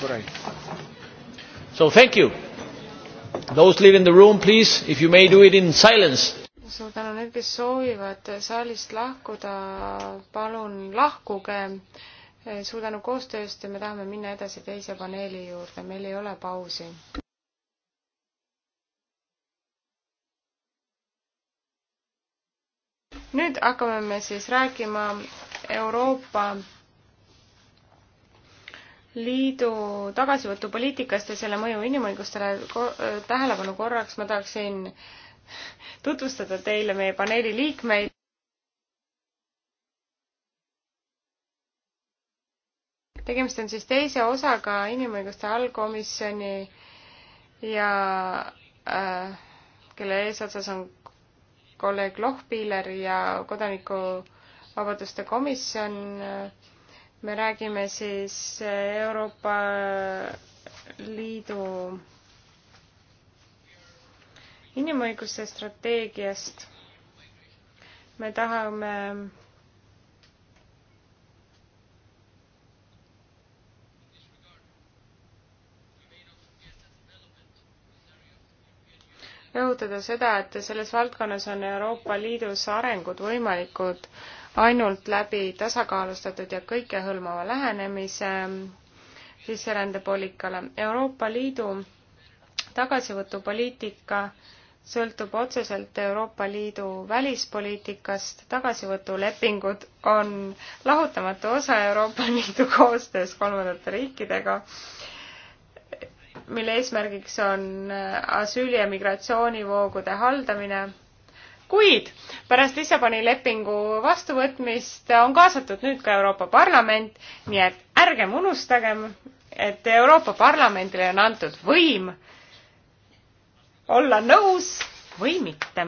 Borrell. So thank you. Those leaving the room, please, if you may do it in silence. suur tänu, need, kes soovivad saalist lahkuda, palun lahkuge. Eh, suur tänu koostööst ja me tahame minna edasi teise paneeli juurde, meil ei ole pausi. nüüd hakkame me siis rääkima Euroopa Liidu tagasivõtupoliitikast ja selle mõju inimõigustele ko tähelepanu korraks ma tahaksin tutvustada teile meie paneeli liikmeid. tegemist on siis teise osaga inimõiguste allkomisjoni ja äh, kelle eesotsas on kolleeg Lohpiiler ja kodanikuvabaduste komisjon äh, me räägime siis äh, Euroopa Liidu inimõiguste strateegiast. me tahame rõhutada seda, et selles valdkonnas on Euroopa Liidus arengud võimalikud ainult läbi tasakaalustatud ja kõikehõlmava lähenemise sisserändepoliitikale. Euroopa Liidu tagasivõtupoliitika sõltub otseselt Euroopa Liidu välispoliitikast, tagasivõtulepingud on lahutamatu osa Euroopa Liidu koostöös kolmandate riikidega, mille eesmärgiks on asüüli- ja migratsioonivoogude haldamine kuid pärast Lissaboni lepingu vastuvõtmist on kaasatud nüüd ka Euroopa Parlament, nii et ärgem unustagem, et Euroopa Parlamendile on antud võim olla nõus või mitte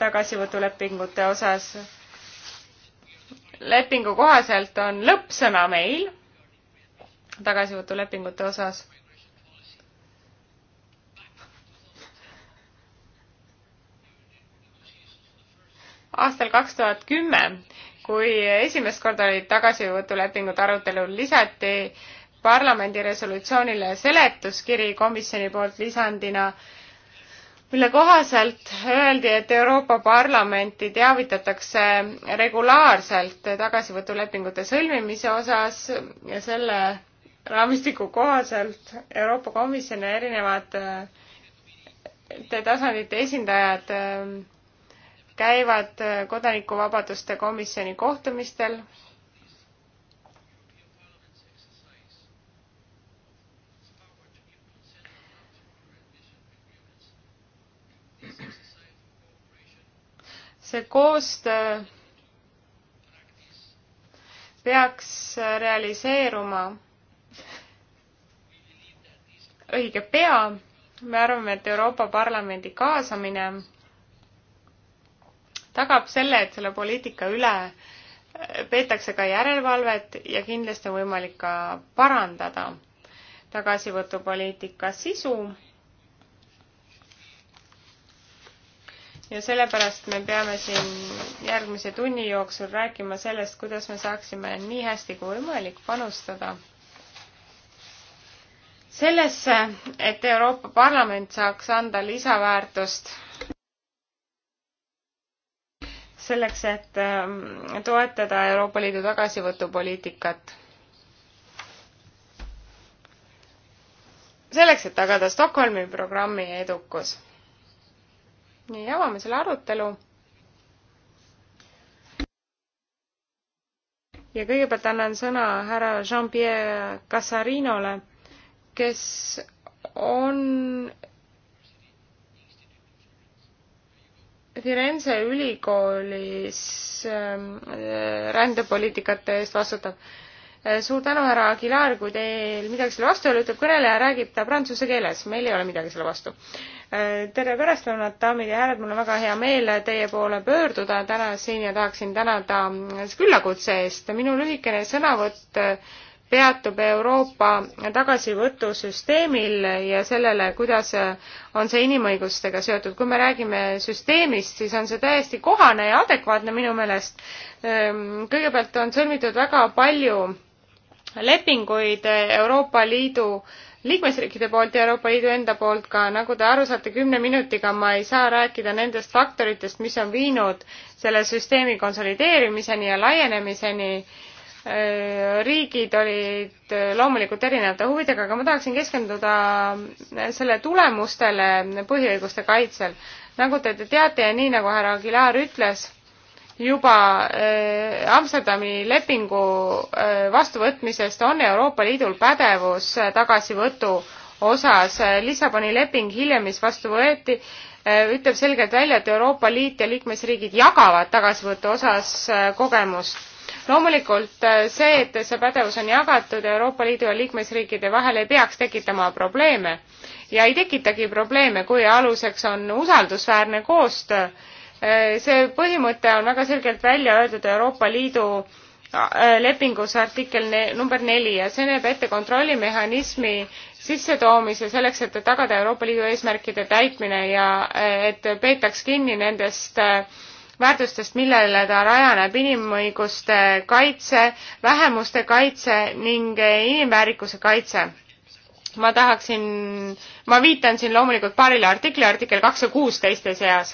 tagasivõtulepingute osas. lepingu kohaselt on lõppsõna meil tagasivõtulepingute osas aastal kaks tuhat kümme, kui esimest korda olid tagasivõtulepingud arutelul, lisati parlamendi resolutsioonile seletuskiri komisjoni poolt lisandina, mille kohaselt öeldi, et Euroopa Parlamenti teavitatakse regulaarselt tagasivõtulepingute sõlmimise osas ja selle raamistiku kohaselt Euroopa Komisjon ja erinevad äh, tasandite esindajad äh, käivad äh, kodanikuvabaduste komisjoni kohtumistel. see koostöö peaks äh, realiseeruma õige pea. me arvame, et Euroopa Parlamendi kaasamine tagab selle, et selle poliitika üle peetakse ka järelevalvet ja kindlasti on võimalik ka parandada tagasivõtupoliitika sisu. ja sellepärast me peame siin järgmise tunni jooksul rääkima sellest, kuidas me saaksime nii hästi kui võimalik panustada sellesse, et Euroopa Parlament saaks anda lisaväärtust selleks, et ähm, toetada Euroopa Liidu tagasivõtupoliitikat. selleks, et tagada Stockholmi programmi edukus. nii, avame selle arutelu. ja kõigepealt annan sõna härra Jean-Pierre Casarinole, kes on Firenze ülikoolis ähm, äh, rändepoliitikate eest vastutav. Äh, suur tänu, härra Aguilar, kui teil midagi selle vastu ei ole, ütleb kõneleja, räägib ta prantsuse keeles, meil ei ole midagi selle vastu. Äh, tere pärastlõunat, daamid ja härrad, mul on väga hea meel teie poole pöörduda täna siin ja tahaksin tänada küllakutse eest. minu lühikene sõnavõtt peatub Euroopa tagasivõtusüsteemil ja sellele, kuidas on see inimõigustega seotud. kui me räägime süsteemist, siis on see täiesti kohane ja adekvaatne minu meelest. Ehm, kõigepealt on sõlmitud väga palju lepinguid Euroopa Liidu liikmesriikide poolt ja Euroopa Liidu enda poolt ka, nagu te aru saate, kümne minutiga ma ei saa rääkida nendest faktoritest, mis on viinud selle süsteemi konsolideerimiseni ja laienemiseni äh, Äh, riigid olid äh, loomulikult erinevate huvidega, aga ma tahaksin keskenduda äh, selle tulemustele põhiõiguste kaitsel. nagu te teate ja nii nagu härra Aguilar ütles, juba Amsterdami lepingu vastuvõtmisest on Euroopa Liidul pädevus tagasivõtu osas. Lissaboni leping hiljem, mis vastu võeti, ütleb selgelt välja, et Euroopa Liit ja liikmesriigid jagavad tagasivõtu osas kogemust loomulikult äh, see, et see pädevus on jagatud Euroopa Liidu ja liikmesriikide vahel, ei peaks tekitama probleeme ja ei tekitagi probleeme, kui aluseks on usaldusväärne koostöö. Äh, see põhimõte on väga selgelt välja öeldud Euroopa Liidu äh, lepingus artikkel ne, number neli ja see näeb ette kontrollimehhanismi sissetoomise selleks, et tagada Euroopa Liidu eesmärkide täitmine ja et peetaks kinni nendest äh, väärtustest, millele ta rajaneb, inimõiguste kaitse, vähemuste kaitse ning inimväärikuse kaitse. ma tahaksin, ma viitan siin loomulikult paarile artikli, artikkel kaks ja kuusteiste seas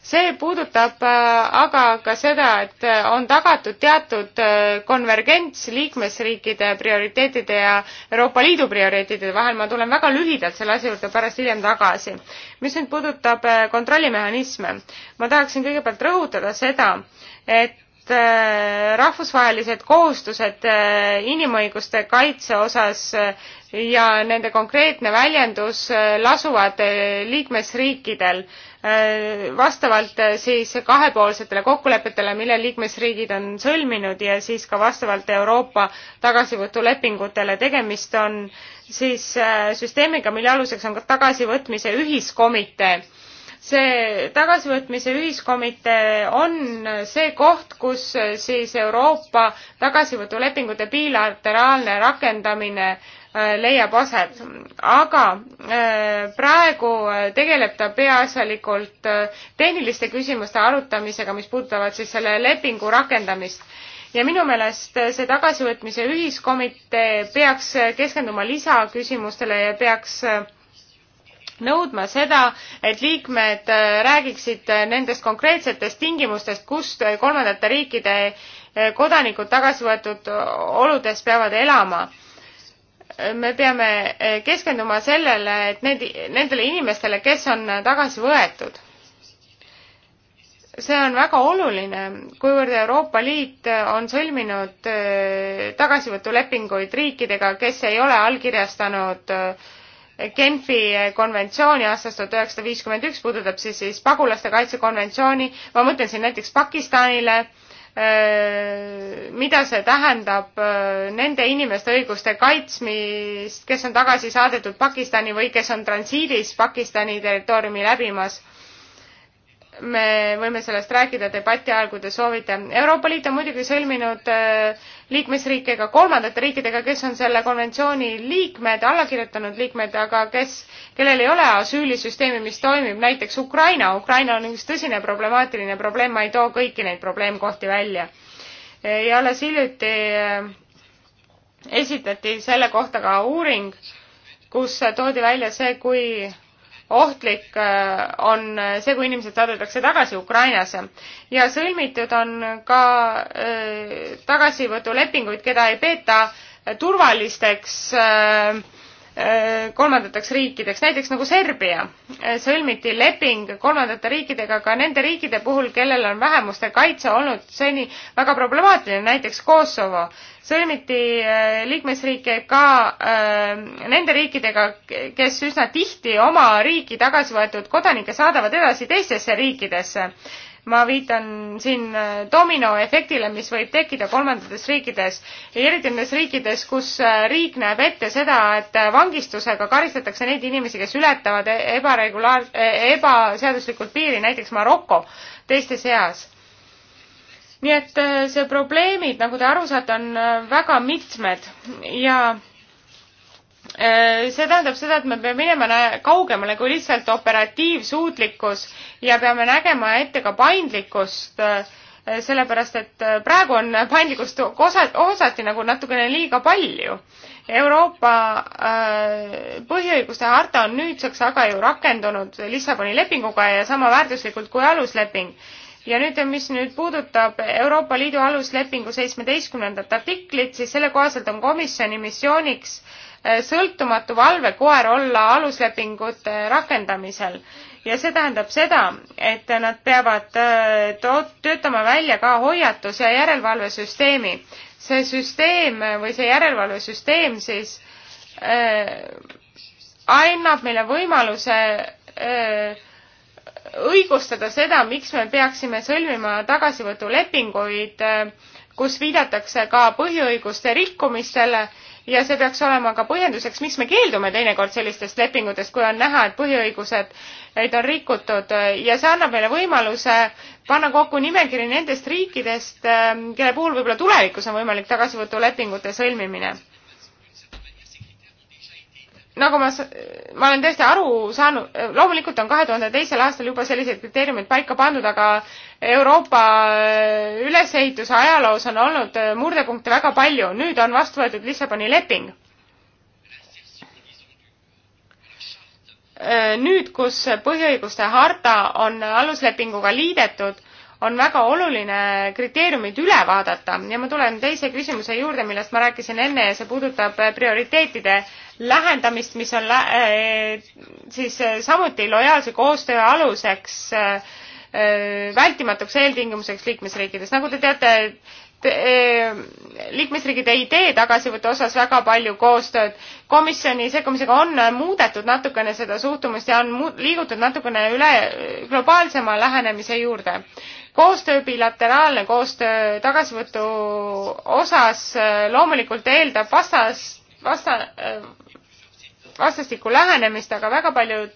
see puudutab äh, aga ka seda, et äh, on tagatud teatud äh, konvergents liikmesriikide prioriteetide ja Euroopa Liidu prioriteetide vahel, ma tulen väga lühidalt selle asja juurde pärast hiljem tagasi. mis nüüd puudutab kontrollimehhanisme, ma tahaksin kõigepealt rõhutada seda, et Äh, rahvusvahelised kohustused äh, inimõiguste kaitse osas äh, ja nende konkreetne väljendus lasuvad liikmesriikidel vastavalt siis kahepoolsetele kokkulepetele, mille liikmesriigid on sõlminud ja siis ka vastavalt Euroopa tagasivõtulepingutele. tegemist on siis süsteemiga, mille aluseks on tagasivõtmise ühiskomitee see tagasivõtmise ühiskomitee on see koht, kus eh, siis Euroopa tagasivõtulepingute bilateraalne rakendamine eh, leiab aset, aga eh, praegu tegeleb ta peaasjalikult tehniliste küsimuste arutamisega, mis puudutavad siis selle lepingu rakendamist ja minu meelest see tagasivõtmise ühiskomitee peaks keskenduma lisaküsimustele ja peaks äh, nõudma seda, et liikmed äh, räägiksid äh, nendest konkreetsetest tingimustest, kust äh, kolmandate riikide kodanikud tagasi võetud oludes peavad elama. me peame keskenduma sellele, et need, nendele inimestele, kes on tagasi võetud. see on väga oluline, kuivõrd Euroopa Liit on sõlminud tagasivõtulepinguid riikidega, kes ei ole allkirjastanud äh, Genfi konventsiooni aastast tuhat üheksasada viiskümmend üks puudutab siis siis pagulaste kaitsekonventsiooni, ma mõtlen siin näiteks Pakistanile, äh, mida see tähendab äh, nende inimeste õiguste kaitsmist, kes on tagasi saadetud Pakistani või kes on transiidis Pakistani territooriumi läbimas me võime sellest rääkida debati ajal, kui te soovite. Euroopa Liit on muidugi sõlminud äh, liikmesriikidega, kolmandate riikidega, kes on selle konventsiooni liikmed, alla kirjutanud liikmed, aga kes, kellel ei ole asüülisüsteemi, mis toimib, näiteks Ukraina. Ukraina on üks tõsine problemaatiline probleem, ma ei too kõiki neid probleemkohti välja. ja alles hiljuti äh, esitati selle kohta ka uuring, kus toodi välja see, kui ohtlik äh, on see, kui inimesed saadetakse tagasi Ukrainasse. ja sõlmitud on ka äh, tagasivõtulepinguid, keda ei peeta turvalisteks äh, Äh, kolmandateks riikideks, näiteks nagu Serbia äh, sõlmiti leping kolmandate riikidega ka nende riikide puhul, kellel on vähemuste kaitse olnud seni väga problemaatiline, näiteks Kosovo. sõlmiti äh, liikmesriike ka äh, nende riikidega, kes üsna tihti oma riiki tagasi võetud kodanikke saadavad edasi teistesse riikidesse ma viitan siin äh, dominoefektile, mis võib tekkida kolmandates riikides, eriti nendes riikides, kus äh, riik näeb ette seda, et äh, vangistusega karistatakse neid inimesi, kes ületavad e-, ebaregulaar-, e-, ebaseaduslikult piiri, näiteks Maroko teiste seas nii et see probleemid, nagu te aru saate, on väga mitmed ja Äh, see tähendab seda, et me peame minema kaugemale kui lihtsalt operatiivsuutlikkus ja peame nägema ette ka paindlikkust, äh, sellepärast et äh, praegu on paindlikkust osad, osati nagu natukene liiga palju. Euroopa põhiõiguste harta on nüüdseks aga ju rakendunud Lissaboni lepinguga ja sama väärtuslikult kui alusleping ja nüüd, mis nüüd puudutab Euroopa Liidu aluslepingu seitsmeteistkümnendat artiklit, siis selle kohaselt on komisjoni missiooniks äh, Äh, sõltumatu valvekoer olla aluslepingute rakendamisel ja see tähendab seda, et nad peavad äh, töötama välja ka hoiatus- ja järelevalvesüsteemi. see süsteem äh, või see järelevalvesüsteem siis äh, annab meile võimaluse äh, õigustada seda, miks me peaksime sõlmima tagasivõtulepinguid äh,, kus viidatakse ka põhiõiguste rikkumistele ja see peaks olema ka põhjenduseks, miks me keeldume teinekord sellistest lepingutest, kui on näha, et põhiõigused neid on rikutud ja see annab meile võimaluse panna kokku nimekiri nendest riikidest, ähm, kelle puhul võib-olla tulevikus on võimalik tagasivõtulepingute sõlmimine nagu ma, ma olen tõesti aru saanud, loomulikult on kahe tuhande teisel aastal juba sellised kriteeriumid paika pandud, aga Euroopa äh, ülesehituse ajaloos on olnud äh, murdepunkte väga palju, nüüd on vastu võetud Lissaboni leping. Äh, nüüd, kus põhiõiguste harta on aluslepinguga liidetud on väga oluline kriteeriumid üle vaadata ja ma tulen teise küsimuse juurde, millest ma rääkisin enne ja see puudutab prioriteetide lähendamist, mis on lä eh, siis eh, samuti lojaalse koostöö aluseks eh, vältimatuks eeltingimuseks liikmesriikides. nagu te teate, Eh, liikmesriigid ei tee tagasivõtu osas väga palju koostööd. komisjoni sekkumisega on muudetud natukene seda suhtumist ja on muud, liigutud natukene üle eh, globaalsema lähenemise juurde. koostöö, bilateraalne koostöö tagasivõtu osas eh, loomulikult eeldab vastas, vasta, vastastikku lähenemist, aga väga paljud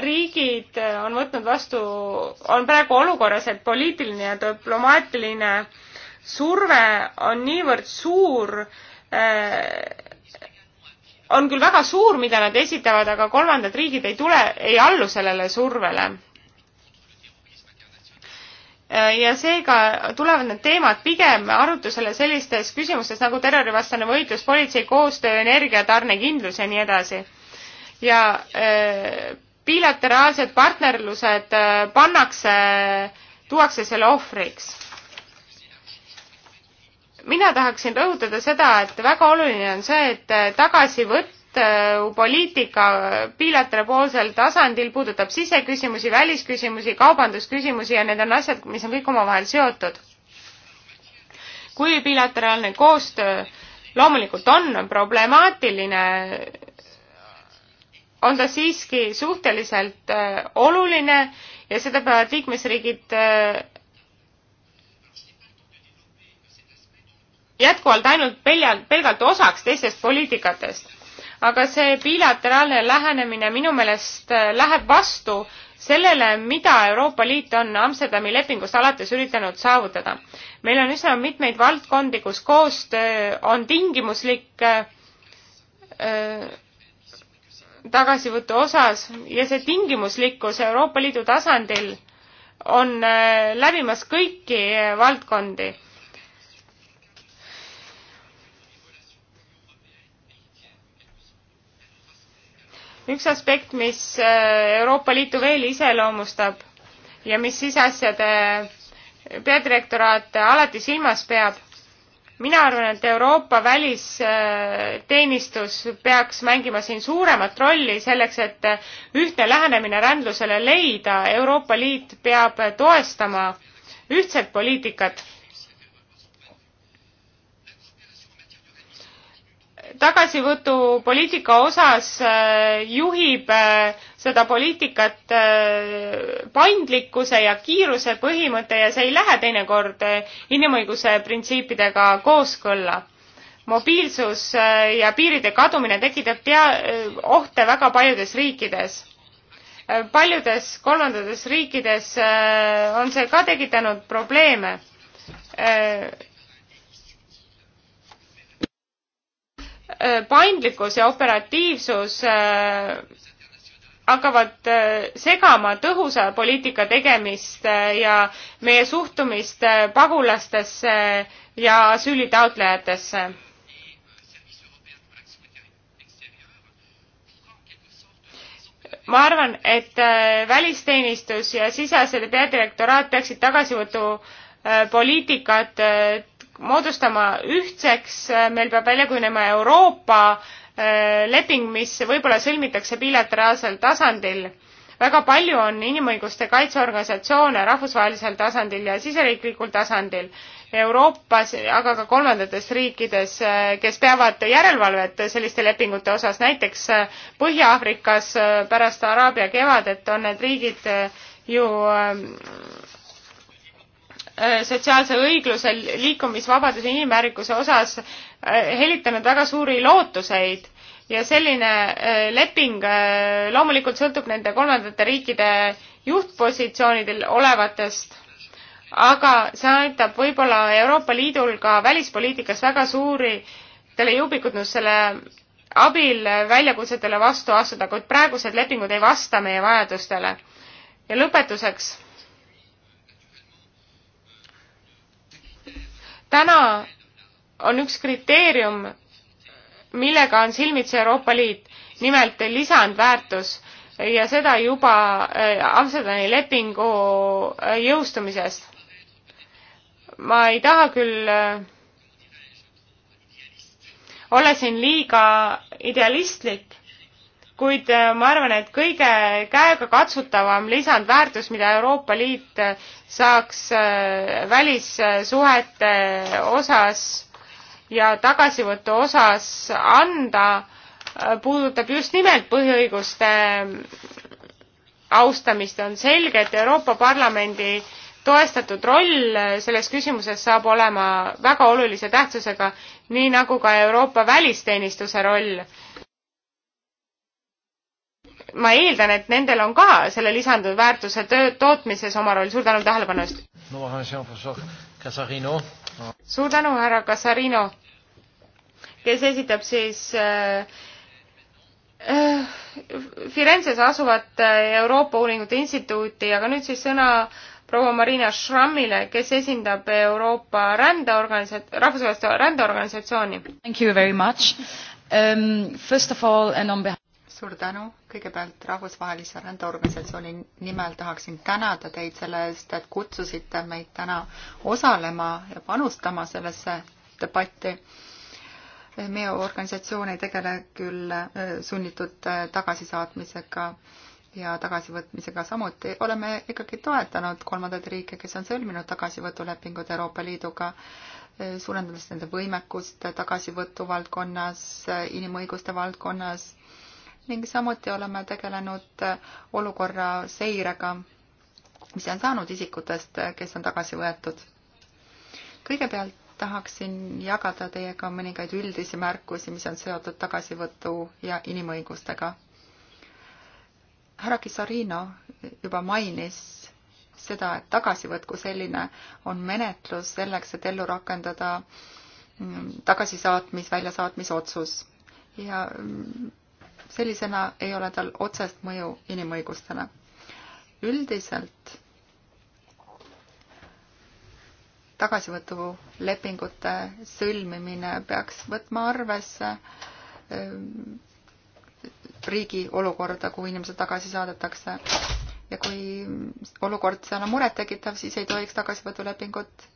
riigid on võtnud vastu, on praegu olukorras, et poliitiline ja diplomaatiline äh, surve on niivõrd suur äh, on küll väga suur, mida nad esitavad, aga kolmandad riigid ei tule, ei allu sellele survele. Äh, ja seega tulevad need teemad pigem arutusele sellistes küsimustes nagu terrorivastane võitlus, politsei koostöö, energiatarnekindlus ja nii edasi. ja äh, bilateraalsed partnerlused pannakse, tuuakse selle ohvriks mina tahaksin rõhutada seda, et väga oluline on see, et tagasivõtt äh, poliitika bilateraalsel tasandil puudutab siseküsimusi, välisküsimusi, kaubandusküsimusi ja need on asjad, mis on kõik omavahel seotud. kui bilateraalne koostöö loomulikult on problemaatiline, on ta siiski suhteliselt äh, oluline ja seda peavad liikmesriigid äh, jätkuvalt ainult pelja, pelgalt osaks teistest poliitikatest. aga see bilateraalne lähenemine minu meelest äh, läheb vastu sellele, mida Euroopa Liit on Amsterdami lepingust alates üritanud saavutada. meil on üsna mitmeid valdkondi, kus koostöö on tingimuslik äh, äh tagasivõtu osas ja see tingimuslikkus Euroopa Liidu tasandil on äh, läbimas kõiki valdkondi üks aspekt, mis äh, Euroopa Liitu veel iseloomustab ja mis siseasjade peadirektoraat alati silmas peab, mina arvan, et Euroopa välisteenistus peaks mängima siin suuremat rolli selleks, et ühtne lähenemine rändlusele leida. Euroopa Liit peab toestama ühtset poliitikat tagasivõtupoliitika osas äh, juhib äh, seda poliitikat äh, paindlikkuse ja kiiruse põhimõte ja see ei lähe teinekord inimõiguse printsiipidega kooskõlla. mobiilsus ja piiride kadumine tekitab tea-, ohte väga paljudes riikides paljudes kolmandates riikides on see ka tekitanud probleeme Äh, paindlikkus ja operatiivsus äh, hakkavad äh, segama tõhusa poliitika tegemist ja meie suhtumist pagulastesse ja asüülitaotlejatesse. ma arvan, et välisteenistus ja siseasjade peadirektoraat peaksid tagasivõtupoliitikat moodustama ühtseks, meil peab välja kujunema Euroopa äh, leping, mis võib-olla sõlmitakse bilateraalsel tasandil. väga palju on inimõiguste kaitseorganisatsioone rahvusvahelisel tasandil ja siseriiklikul tasandil Euroopas, aga ka kolmandates riikides, äh, kes peavad järelevalvet selliste lepingute osas, näiteks äh, Põhja-Aafrikas pärast Araabia kevadet on need riigid ju Äh, sotsiaalse õigluse, liikumisvabaduse, inimväärikuse osas äh, helitanud väga suuri lootuseid ja selline äh, leping loomulikult sõltub nende kolmandate riikide juhtpositsioonidel olevatest, aga see aitab võib-olla Euroopa Liidul ka välispoliitikas väga suuri telejõupikutnustele abil väljakutsetele vastu astuda, kuid praegused lepingud ei vasta meie vajadustele. ja lõpetuseks täna on üks kriteerium, millega on silmitsi Euroopa Liit, nimelt lisandväärtus ja seda juba äh, Amsterdami lepingu äh, jõustumisest. ma ei taha küll äh, olla siin liiga idealistlik, kuid äh, ma arvan, et kõige käegakatsutavam lisandväärtus, mida Euroopa Liit äh, saaks äh, välissuhete osas ja tagasivõtu osas anda, puudutab just nimelt põhiõiguste austamist. on selge, et Euroopa Parlamendi toestatud roll selles küsimuses saab olema väga olulise tähtsusega, nii nagu ka Euroopa välisteenistuse roll ma eeldan, et nendel on ka selle lisandunud väärtuse töö tootmises oma roll. suur tänu tähelepanu eest no,! suur tänu, härra Casarino, kes esitab siis äh, äh, Firenzes asuvat äh, Euroopa Uuringute Instituuti, aga nüüd siis sõna proua Marina Schrammile, kes esindab Euroopa rändeorganisat-, rahvusvahelist rändeorganisatsiooni. Thank you very much um,. First of all and on behalf suur tänu, kõigepealt Rahvusvahelise Rändeorganisatsiooni nimel tahaksin tänada teid selle eest, et kutsusite meid täna osalema ja panustama sellesse debatti. meie organisatsioon ei tegele küll äh, sunnitud äh, tagasisaatmisega ja tagasivõtmisega samuti, oleme ikkagi toetanud kolmandaid riike, kes on sõlminud tagasivõtulepingud Euroopa Liiduga äh, suurendades nende võimekust tagasivõtu valdkonnas, inimõiguste valdkonnas, ning samuti oleme tegelenud olukorra seirega, mis on saanud isikutest, kes on tagasi võetud. kõigepealt tahaksin jagada teiega mõningaid üldisi märkusi, mis on seotud tagasivõtu ja inimõigustega. härra Kisarino juba mainis seda, et tagasivõtt kui selline on menetlus selleks, et ellu rakendada tagasisaatmis, väljasaatmisotsus ja sellisena ei ole tal otsest mõju inimõigustele. üldiselt tagasivõtulepingute sõlmimine peaks võtma arvesse ehm, riigi olukorda, kuhu inimesed tagasi saadetakse. ja kui olukord seal on murettekitav, siis ei tohiks tagasivõtulepingut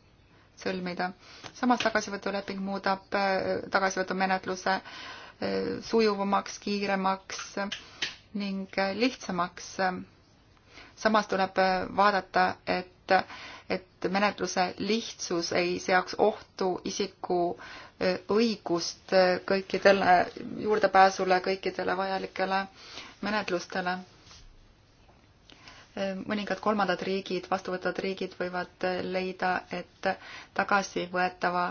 sõlmida. samas tagasivõtuleping muudab ehm, tagasivõtumenetluse äh, sujuvamaks, kiiremaks ning lihtsamaks. samas tuleb vaadata, et, et menetluse lihtsus ei seaks ohtu isiku õigust kõikidele juurdepääsule, kõikidele vajalikele menetlustele. mõningad kolmandad riigid, vastuvõtvad riigid võivad leida, et tagasivõetava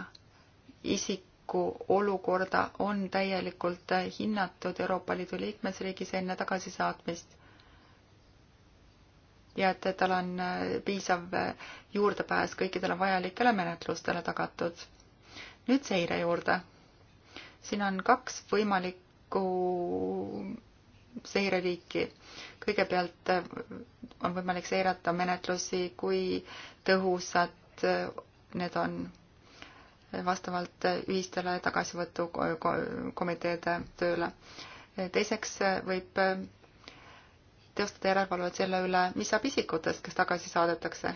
isik julgeoleku olukorda on täielikult hinnatud Euroopa Liidu liikmesriigis enne tagasisaatmist ja et tal on äh, piisav äh, juurdepääs kõikidele vajalikele menetlustele tagatud. nüüd seire juurde. siin on kaks võimalikku seireliiki. kõigepealt äh, on võimalik seirata menetlusi, kui tõhusad need on vastavalt ühistele tagasivõtukomiteede tööle. teiseks võib teostada järelevalvet selle üle, mis saab isikutest, kes tagasi saadetakse,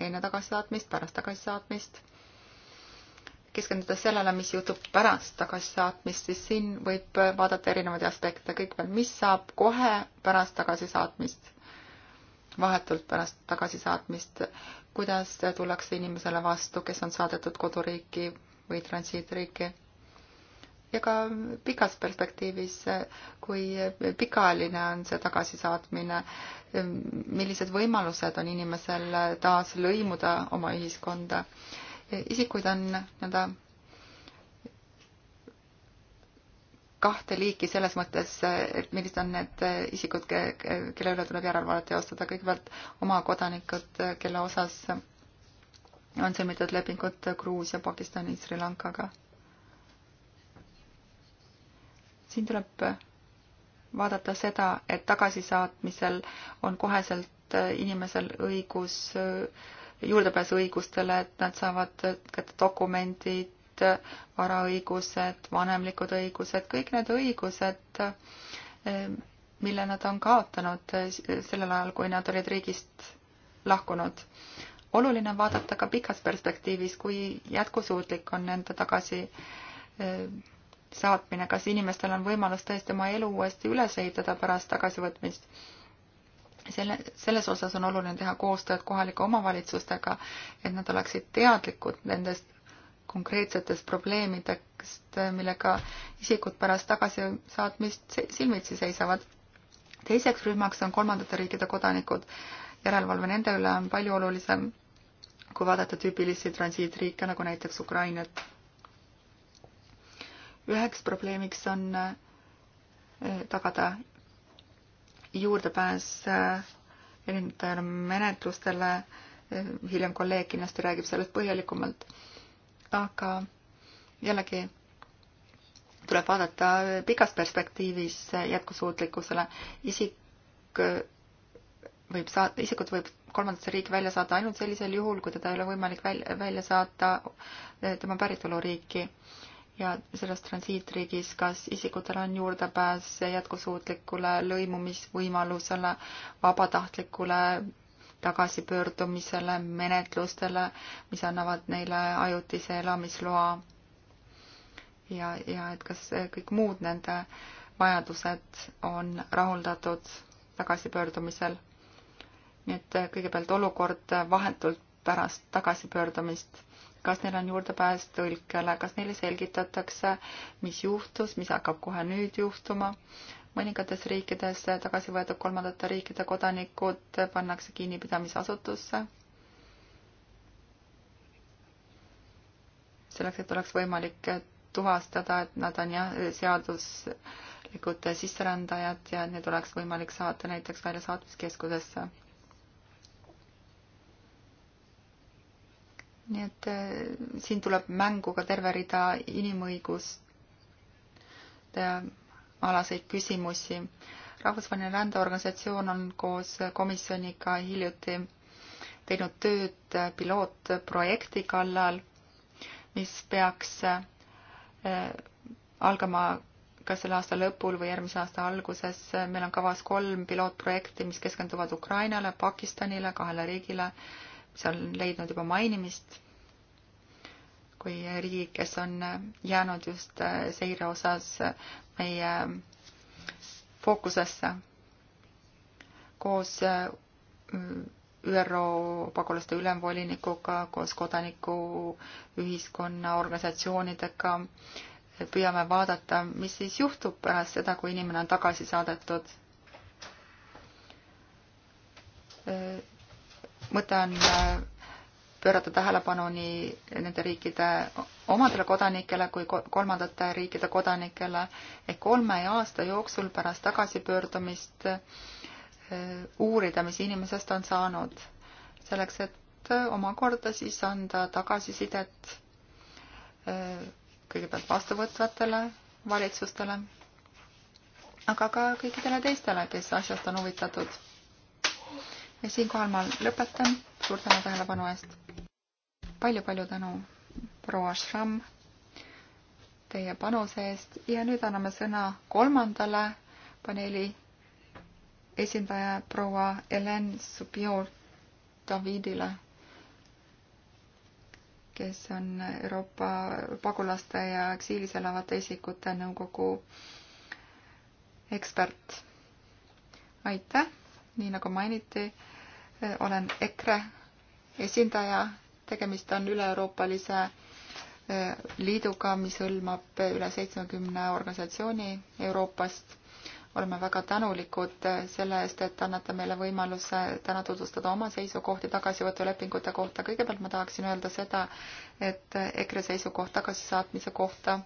enne tagasisaatmist, pärast tagasisaatmist. keskendudes sellele, mis juhtub pärast tagasisaatmist, siis siin võib vaadata erinevaid aspekte, kõigepealt, mis saab kohe pärast tagasisaatmist, vahetult pärast tagasisaatmist kuidas tullakse inimesele vastu, kes on saadetud koduriiki või transiitriiki. ja ka pikas perspektiivis, kui pikaajaline on see tagasisaatmine, millised võimalused on inimesel taas lõimuda oma ühiskonda. isikuid on nii-öelda kahte liiki selles mõttes, et millised on need isikud, kelle üle tuleb järelevalvet teostada, kõigepealt oma kodanikud, kelle osas on sõlmitud lepingud Gruusia, Pakistani, Sri Lankaga. siin tuleb vaadata seda, et tagasisaatmisel on koheselt inimesel õigus, juurdepääsuõigustele, et nad saavad kätte dokumendid, õigused, varaõigused, vanemlikud õigused, kõik need õigused, eh, mille nad on kaotanud eh, sellel ajal, kui nad olid riigist lahkunud. oluline on vaadata ka pikas perspektiivis, kui jätkusuutlik on nende tagasi eh, saatmine, kas inimestel on võimalus tõesti oma elu uuesti üles ehitada pärast tagasivõtmist selle, selles osas on oluline teha koostööd kohalike omavalitsustega, et nad oleksid teadlikud nendest konkreetsetest probleemidest, millega isikud pärast tagasisaatmist silmitsi seisavad. teiseks rühmaks on kolmandate riikide kodanikud. järelevalve nende üle on palju olulisem, kui vaadata tüüpilisi transiitriike, nagu näiteks Ukrainat. üheks probleemiks on eh, tagada juurdepääs eh, erinevatele menetlustele, eh, hiljem kolleeg kindlasti räägib sellest põhjalikumalt aga jällegi tuleb vaadata pikas perspektiivis jätkusuutlikkusele. isik võib saada, isikut võib kolmandasse riiki välja saada ainult sellisel juhul, kui teda ei ole võimalik välja, välja saata tema päritoluriiki ja selles transiitriigis, kas isikutel on juurdepääs jätkusuutlikule lõimumisvõimalusele, vabatahtlikule tagasipöördumisele, menetlustele, mis annavad neile ajutise elamisloa ja, ja et kas kõik muud nende vajadused on rahuldatud tagasipöördumisel. nii et kõigepealt olukord vahetult pärast tagasipöördumist, kas neil on juurdepääs tõlkele, kas neile selgitatakse, mis juhtus, mis hakkab kohe nüüd juhtuma mõningates riikides tagasi võetud kolmandate riikide kodanikud pannakse kinnipidamisasutusse. selleks, et oleks võimalik tuvastada, et nad on jah, seaduslikud sisserändajad ja need oleks võimalik saata näiteks väljasaatmiskeskusesse. nii et äh, siin tuleb mängu ka terve rida inimõigust alaseid küsimusi. rahvusvaheline rändeorganisatsioon on koos komisjoniga hiljuti teinud tööd pilootprojekti kallal, mis peaks eh, algama kas selle aasta lõpul või järgmise aasta alguses. meil on kavas kolm pilootprojekti, mis keskenduvad Ukrainale, Pakistanile, kahele riigile, mis on leidnud juba mainimist kui riik, kes on jäänud just eh, seire osas meie fookusesse koos äh, ÜRO pagulaste ülemvolinikuga, koos kodanikuühiskonna organisatsioonidega püüame vaadata, mis siis juhtub pärast seda, kui inimene on tagasi saadetud. Äh, mõte on äh, pöörata tähelepanu nii nende riikide omadele kodanikele kui kolmandate riikide kodanikele ehk kolme aasta jooksul pärast tagasipöördumist eh, uurida, mis inimesest on saanud, selleks et omakorda siis anda tagasisidet eh, kõigepealt vastuvõtvatele valitsustele, aga ka kõikidele teistele, kes asjast on huvitatud. ja siinkohal ma lõpetan, suur tänu tähelepanu eest palju,! palju-palju tänu! proua Schramm, teie panuse eest ja nüüd anname sõna kolmandale paneeli esindaja proua Helen Subjol-Davidile, kes on Euroopa pagulaste ja eksiilis elavate isikute nõukogu ekspert. aitäh, nii nagu mainiti, olen EKRE esindaja, tegemist on üle-euroopalise liiduga, mis hõlmab üle seitsmekümne organisatsiooni Euroopast. oleme väga tänulikud selle eest, et annate meile võimaluse täna tutvustada oma seisukohti tagasivõtulepingute kohta. kõigepealt ma tahaksin öelda seda, et EKRE seisukoht tagasisaatmise kohta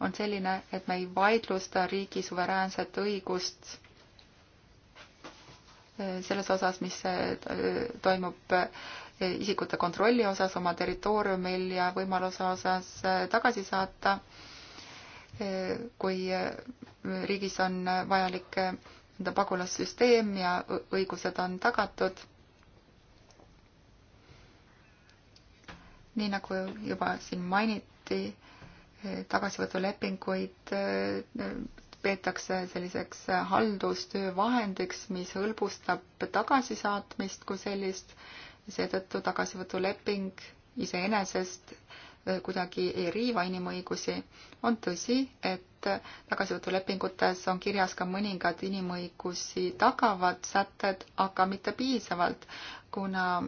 on selline, et me ei vaidlusta riigi suveräänset õigust selles osas, mis toimub isikute kontrolli osas oma territooriumil ja võimaluse osas äh, tagasi saata, äh, kui äh, riigis on vajalik nii-öelda pagulassüsteem ja õigused on tagatud. nii nagu juba siin mainiti, tagasivõtulepinguid peetakse selliseks haldustöövahendiks, mis hõlbustab tagasisaatmist kui sellist seetõttu tagasivõtuleping iseenesest eh, kuidagi ei riiva inimõigusi. on tõsi, et tagasivõtulepingutes on kirjas ka mõningad inimõigusi tagavad sätted, aga mitte piisavalt, kuna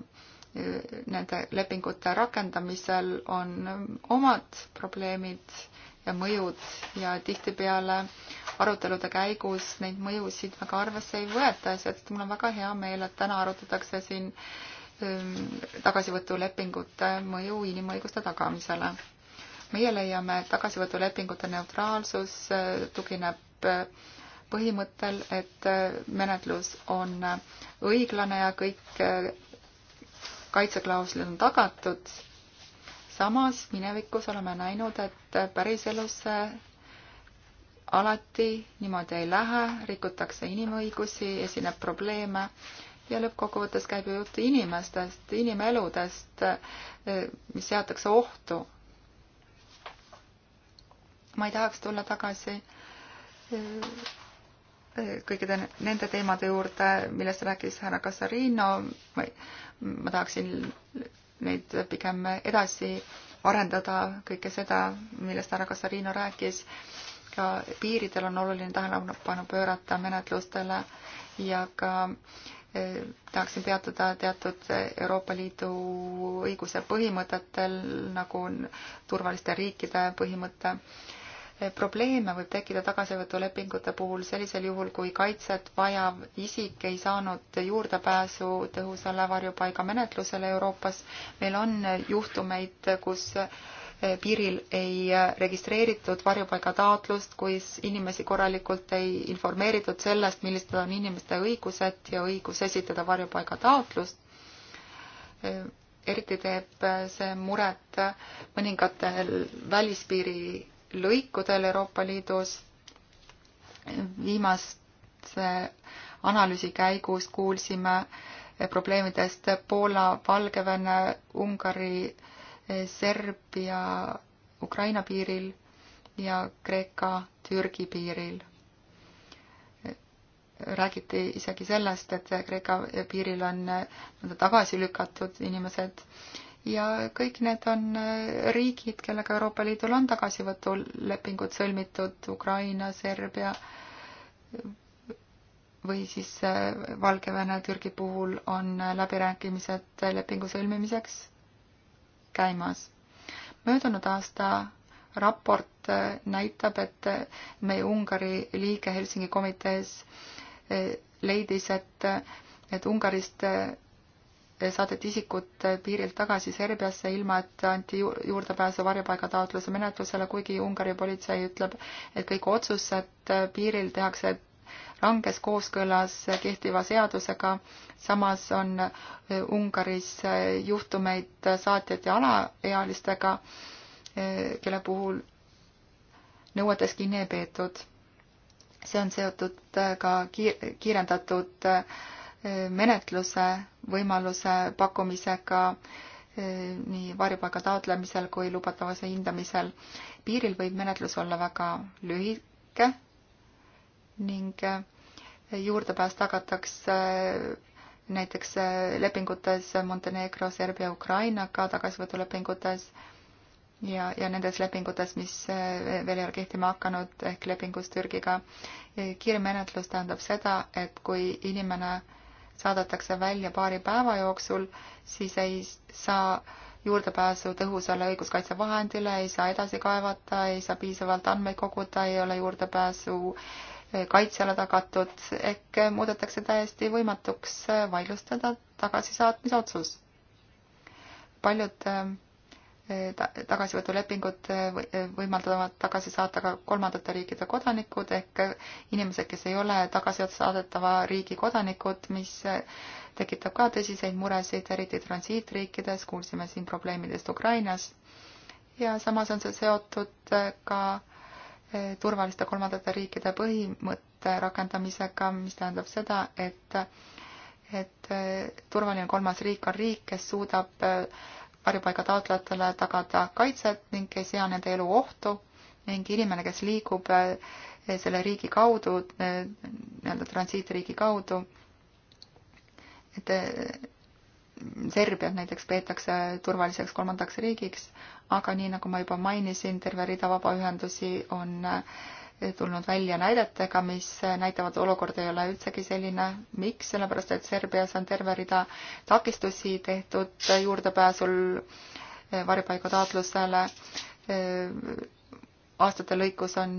eh, nende lepingute rakendamisel on omad probleemid ja mõjud ja tihtipeale arutelude käigus neid mõjusid väga arvesse ei võeta ja seetõttu mul on väga hea meel, et täna arutatakse siin äh, Ähm, tagasivõtulepingute mõju inimõiguste tagamisele. meie leiame, et tagasivõtulepingute neutraalsus äh, tugineb äh, põhimõttel, et äh, menetlus on õiglane ja kõik kaitseklauslid on tagatud. samas minevikus oleme näinud, et päriselus alati niimoodi ei lähe, rikutakse inimõigusi, esineb probleeme ja lõppkokkuvõttes käib ju jutt inimestest, inimeludest, eh, mis seatakse ohtu. ma ei tahaks tulla tagasi eh, eh, kõikide nende teemade juurde, millest rääkis härra Kasarino, ma tahaksin neid pigem edasi arendada, kõike seda, millest härra Kasarino rääkis. ka piiridel on oluline tähelepanu pöörata menetlustele ja ka äh, tahaksin peatuda teatud Euroopa Liidu õiguse põhimõtetel, nagu on turvaliste riikide põhimõte. probleeme võib tekkida tagasivõtulepingute puhul sellisel juhul, kui kaitset vajav isik ei saanud juurdepääsu tõhusale varjupaigamenetlusele Euroopas. meil on juhtumeid, kus piiril ei registreeritud varjupaigataotlust, kus inimesi korralikult ei informeeritud sellest, millised on inimeste õigused ja õigus esitada varjupaigataotlust. eriti teeb see muret mõningatel välispiiri lõikudel Euroopa Liidus. viimase analüüsi käigus kuulsime probleemidest Poola, Valgevene, Ungari äh, Serbia-Ukraina piiril ja Kreeka-Türgi piiril. räägiti isegi sellest, et Kreeka piiril on nii-öelda tagasi lükatud inimesed ja kõik need on riigid, kellega Euroopa Liidul on tagasivõtulepingud sõlmitud, Ukraina, Serbia või siis Valgevene, Türgi puhul on läbirääkimised lepingu sõlmimiseks käimas. möödunud aasta raport näitab, et meie Ungari liige Helsingi komitees e, leidis, et, et Ungarist e, saadeti isikud piirilt tagasi Serbiasse, ilma et anti juurdepääsu varjupaigataotluse menetlusele, kuigi Ungari politsei ütleb, et kõik otsused piiril tehakse ranges kooskõlas kehtiva seadusega. samas on äh, Ungaris äh, juhtumeid saatjad ja alaealistega, äh, kelle puhul nõuetes kinni ei peetud. see on seotud ka kiirendatud menetluse võimaluse pakkumisega nii varjupaiga taotlemisel kui lubatavuse hindamisel. piiril võib menetlus olla väga lühike ning eh, juurdepääs tagatakse eh, näiteks eh, lepingutes Montenegro, Serbia, Ukrainaga tagasivõtulepingutes ja, ja nendes lepingutes, mis veel ei ole kehtima hakanud, ehk lepingus Türgiga. kiirmenetlus tähendab seda, et kui inimene saadetakse välja paari päeva jooksul, siis ei saa juurdepääsu tõhusale õiguskaitsevahendile, ei saa edasi kaevata, ei saa piisavalt andmeid koguda, ei ole juurdepääsu äh, kaitseala tagatud, ehk muudetakse täiesti võimatuks vaidlustada tagasisaatmise otsus. paljud eh, tagasivõtulepingud eh, võimaldavad tagasi saata ka kolmandate riikide kodanikud ehk inimesed, kes ei ole tagasi saadetava riigi kodanikud, mis eh, tekitab ka tõsiseid muresid, eriti transiitriikides, kuulsime siin probleemidest Ukrainas. ja samas on see seotud ka turvaliste kolmandate riikide põhimõtte rakendamisega, mis tähendab seda, et, et äh, turvaline kolmas riik on riik, kes suudab äh, varjupaiga taotlejatele tagada kaitset ning ei sea nende elu ohtu ning inimene, kes liigub äh, selle riigi kaudu, nii-öelda transiitriigi kaudu, et Serbiat näiteks peetakse turvaliseks kolmandaks riigiks, aga nii nagu ma juba mainisin, terve rida vabaühendusi on eh, tulnud välja näidetega, mis näitavad, olukord ei ole üldsegi selline. miks? sellepärast, et Serbias on terve rida takistusi tehtud juurdepääsul eh, varjupaigataotlusele. Eh, aastate lõikus on,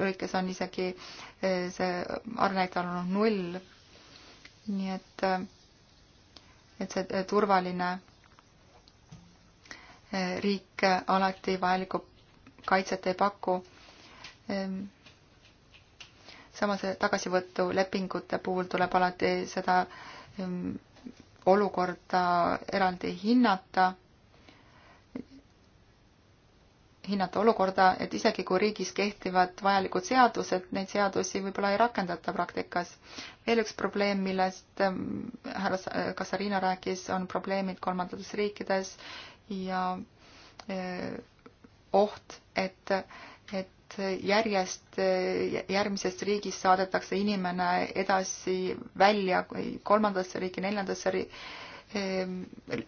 lõikes on isegi see arvnäitaja olnud null. nii et et see turvaline eh, riik alati vajalikku kaitset ei paku. Ehm, samas tagasivõtulepingute puhul tuleb alati seda ehm, olukorda eraldi hinnata hinnata olukorda, et isegi kui riigis kehtivad vajalikud seadused, neid seadusi võib-olla ei rakendata praktikas. veel üks probleem, millest ähm, härra äh, Kasarina rääkis, on probleemid kolmandates riikides ja äh, oht, et, et järjest, äh, järgmisest riigist saadetakse inimene edasi välja kolmandasse riiki, neljandasse riiki, ähm,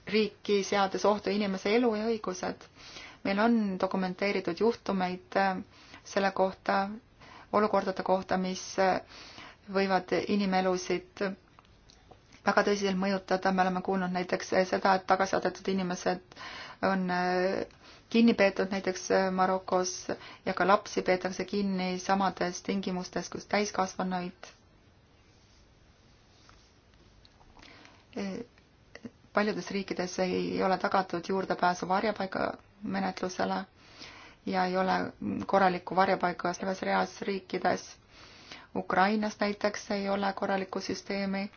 riiki, seades ohtu inimese elu ja õigused meil on dokumenteeritud juhtumeid äh, selle kohta, olukordade kohta, mis äh, võivad inimelusid väga tõsiselt mõjutada, me oleme kuulnud näiteks äh, seda, et tagasi saadetud inimesed on kinni peetud näiteks Marokos ja ka lapsi peetakse kinni samades tingimustes, kus täiskasvanuid. paljudes riikides ei ole tagatud juurdepääsu varjupaiga menetlusele ja ei ole korralikku varjupaiga selles reas riikides. Ukrainas näiteks ei ole korralikku süsteemi.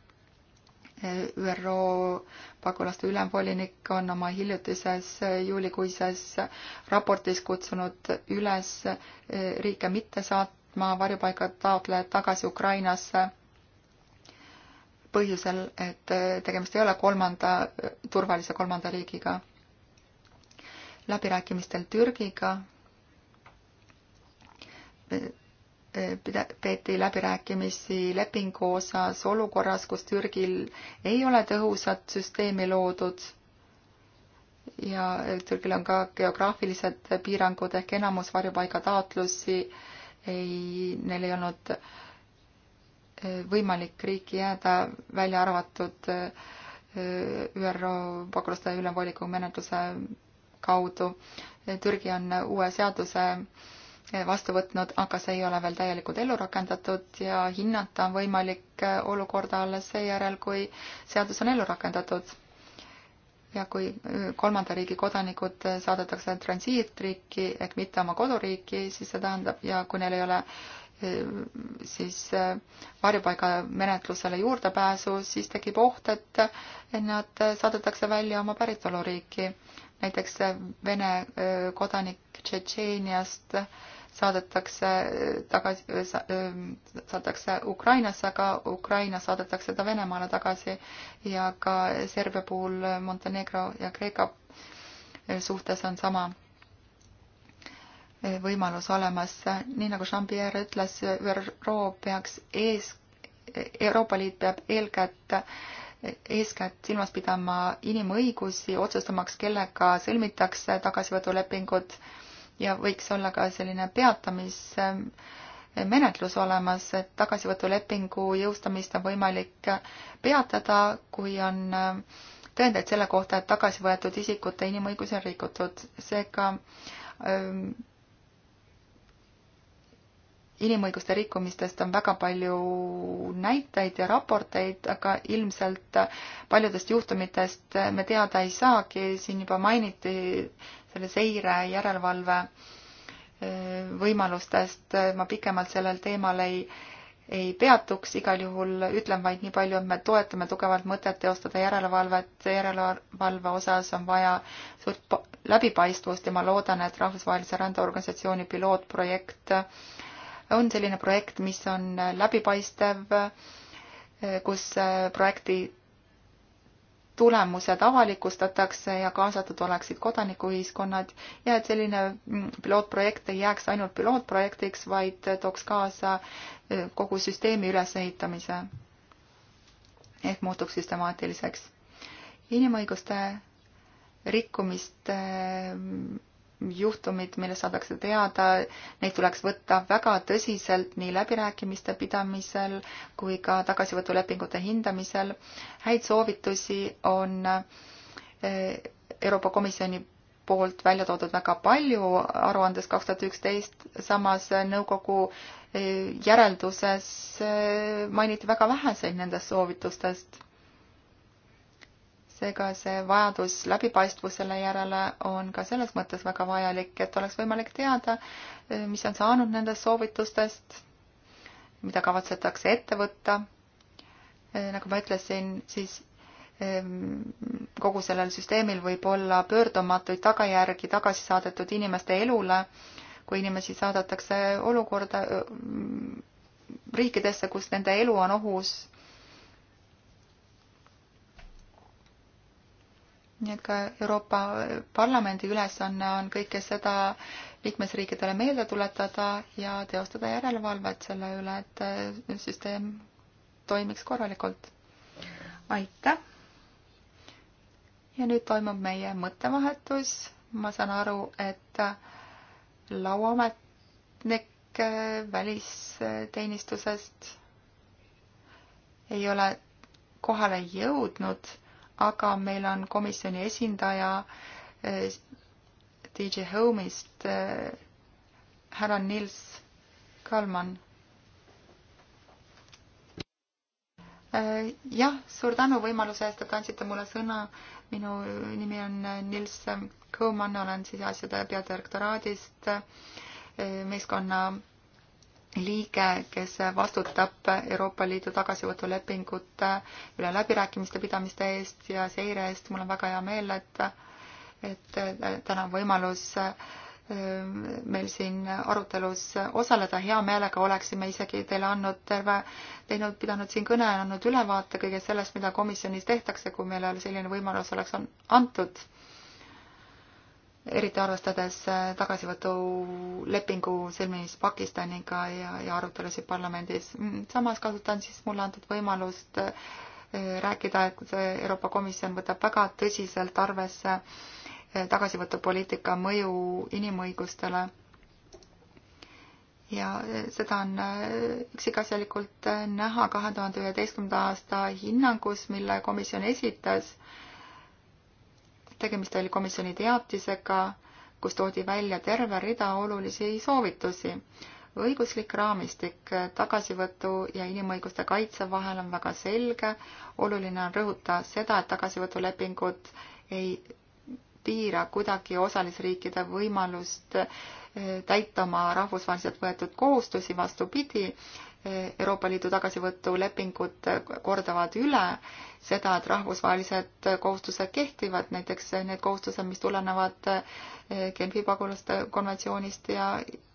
ÜRO pagulaste ülemvolinik on oma hiljutises juulikuises raportis kutsunud üles riike mitte saatma varjupaiga taotlejad tagasi Ukrainasse põhjusel, et tegemist ei ole kolmanda, turvalise kolmanda riigiga läbirääkimistel Türgiga peeti läbirääkimisi lepingu osas olukorras, kus Türgil ei ole tõhusat süsteemi loodud ja Türgil on ka geograafilised piirangud ehk enamus varjupaigataotlusi ei, neil ei olnud eh, võimalik riiki jääda, välja arvatud eh, ÜRO pagulaste ülemvolikogu menetluse kaudu. Türgi on uue seaduse vastu võtnud, aga see ei ole veel täielikult ellu rakendatud ja hinnata on võimalik olukorda alles seejärel, kui seadus on ellu rakendatud. ja kui kolmanda riigi kodanikud saadetakse transiitriiki ehk mitte oma koduriiki, siis see tähendab ja kui neil ei ole e, siis e, varjupaigamenetlusele juurdepääsu, siis tekib oht, et nad saadetakse välja oma päritoluriiki näiteks äh, Vene äh, kodanik Tšetšeeniast saadetakse äh, tagasi, saadetakse Ukrainasse, aga Ukraina saadetakse ta Venemaale tagasi ja ka Serbia puhul Montenegro ja Kreeka suhtes on sama võimalus olemas. nii nagu Jean-Pierre ütles, ÜRO peaks ees, Euroopa Liit peab eelkätt eeskätt silmas pidama inimõigusi, otsustamaks, kellega sõlmitakse tagasivõtulepingud ja võiks olla ka selline peatamismenetlus olemas, et tagasivõtulepingu jõustamist on võimalik peatada, kui on tõendeid selle kohta, et tagasi võetud isikute inimõigusi on rikutud. seega ähm, inimõiguste rikkumistest on väga palju näiteid ja raporteid, aga ilmselt paljudest juhtumitest me teada ei saagi, siin juba mainiti selle seire järelevalve äh, võimalustest, ma pikemalt sellel teemal ei, ei peatuks, igal juhul ütlen vaid nii palju, et me toetame tugevalt mõtet teostada järelevalvet, järelevalve osas on vaja suurt läbipaistvust ja ma loodan, et Rahvusvahelise Rändeorganisatsiooni pilootprojekt äh, on selline projekt, mis on läbipaistev, kus projekti tulemused avalikustatakse ja kaasatud oleksid kodanikuühiskonnad ja et selline mm, pilootprojekt ei jääks ainult pilootprojektiks, vaid tooks kaasa e, kogu süsteemi ülesehitamise ehk muutuks süstemaatiliseks. inimõiguste rikkumiste mm, juhtumid, millest saadakse teada, neid tuleks võtta väga tõsiselt nii läbirääkimiste pidamisel kui ka tagasivõtulepingute hindamisel. häid soovitusi on eh, Euroopa Komisjoni poolt välja toodud väga palju aruandes kaks tuhat üksteist, samas nõukogu eh, järelduses eh, mainiti väga väheseid nendest soovitustest seega see vajadus läbipaistvusele järele on ka selles mõttes väga vajalik, et oleks võimalik teada, mis on saanud nendest soovitustest, mida kavatsetakse ette võtta. nagu ma ütlesin, siis ehm, kogu sellel süsteemil võib olla pöördumatuid tagajärgi tagasi saadetud inimeste elule, kui inimesi saadetakse olukorda riikidesse, kus nende elu on ohus nii et ka Euroopa Parlamendi ülesanne on kõike seda liikmesriikidele meelde tuletada ja teostada järelevalvet selle üle, et äh, süsteem toimiks korralikult. aitäh! ja nüüd toimub meie mõttevahetus. ma saan aru, et äh, lauaametnik äh, välisteenistusest ei ole kohale jõudnud aga meil on komisjoni esindaja eh, DJ Home'ist eh, härra Nils Kalman. Eh, jah, suur tänu võimaluse eest, et andsite mulle sõna. minu nimi on Nils Kõumann, olen siseasjade peadirektoraadist meeskonna liige, kes vastutab Euroopa Liidu tagasivõtulepingute äh, üle läbirääkimiste pidamiste eest ja seire eest. mul on väga hea meel, et, et äh, täna on võimalus äh, meil siin arutelus osaleda. hea meelega oleksime isegi teile andnud terve, teinud, pidanud siin kõne ja andnud ülevaate kõigest sellest, mida komisjonis tehtakse, kui meile selline võimalus oleks antud eriti arvestades äh, tagasivõtulepingu sõlmimist Pakistaniga ja, ja arutelusid parlamendis. Mm, samas kasutan siis mulle antud võimalust äh, rääkida, et Euroopa Komisjon võtab väga tõsiselt arvesse äh, tagasivõtupoliitika mõju inimõigustele. ja seda on üksikasjalikult näha kahe tuhande üheteistkümnenda aasta hinnangus, mille komisjon esitas äh, tegemist oli komisjoni teatisega, kus toodi välja terve rida olulisi soovitusi. õiguslik raamistik tagasivõtu ja inimõiguste kaitse vahel on väga selge. oluline on rõhuda seda, et tagasivõtulepingud ei piira kuidagi osalisriikide võimalust eh, täita oma rahvusvaheliselt võetud kohustusi, vastupidi, Euroopa Liidu tagasivõtulepingud kordavad üle seda, et rahvusvahelised kohustused kehtivad, näiteks need kohustused, mis tulenevad eh, Genfi pagulaste konventsioonist ja,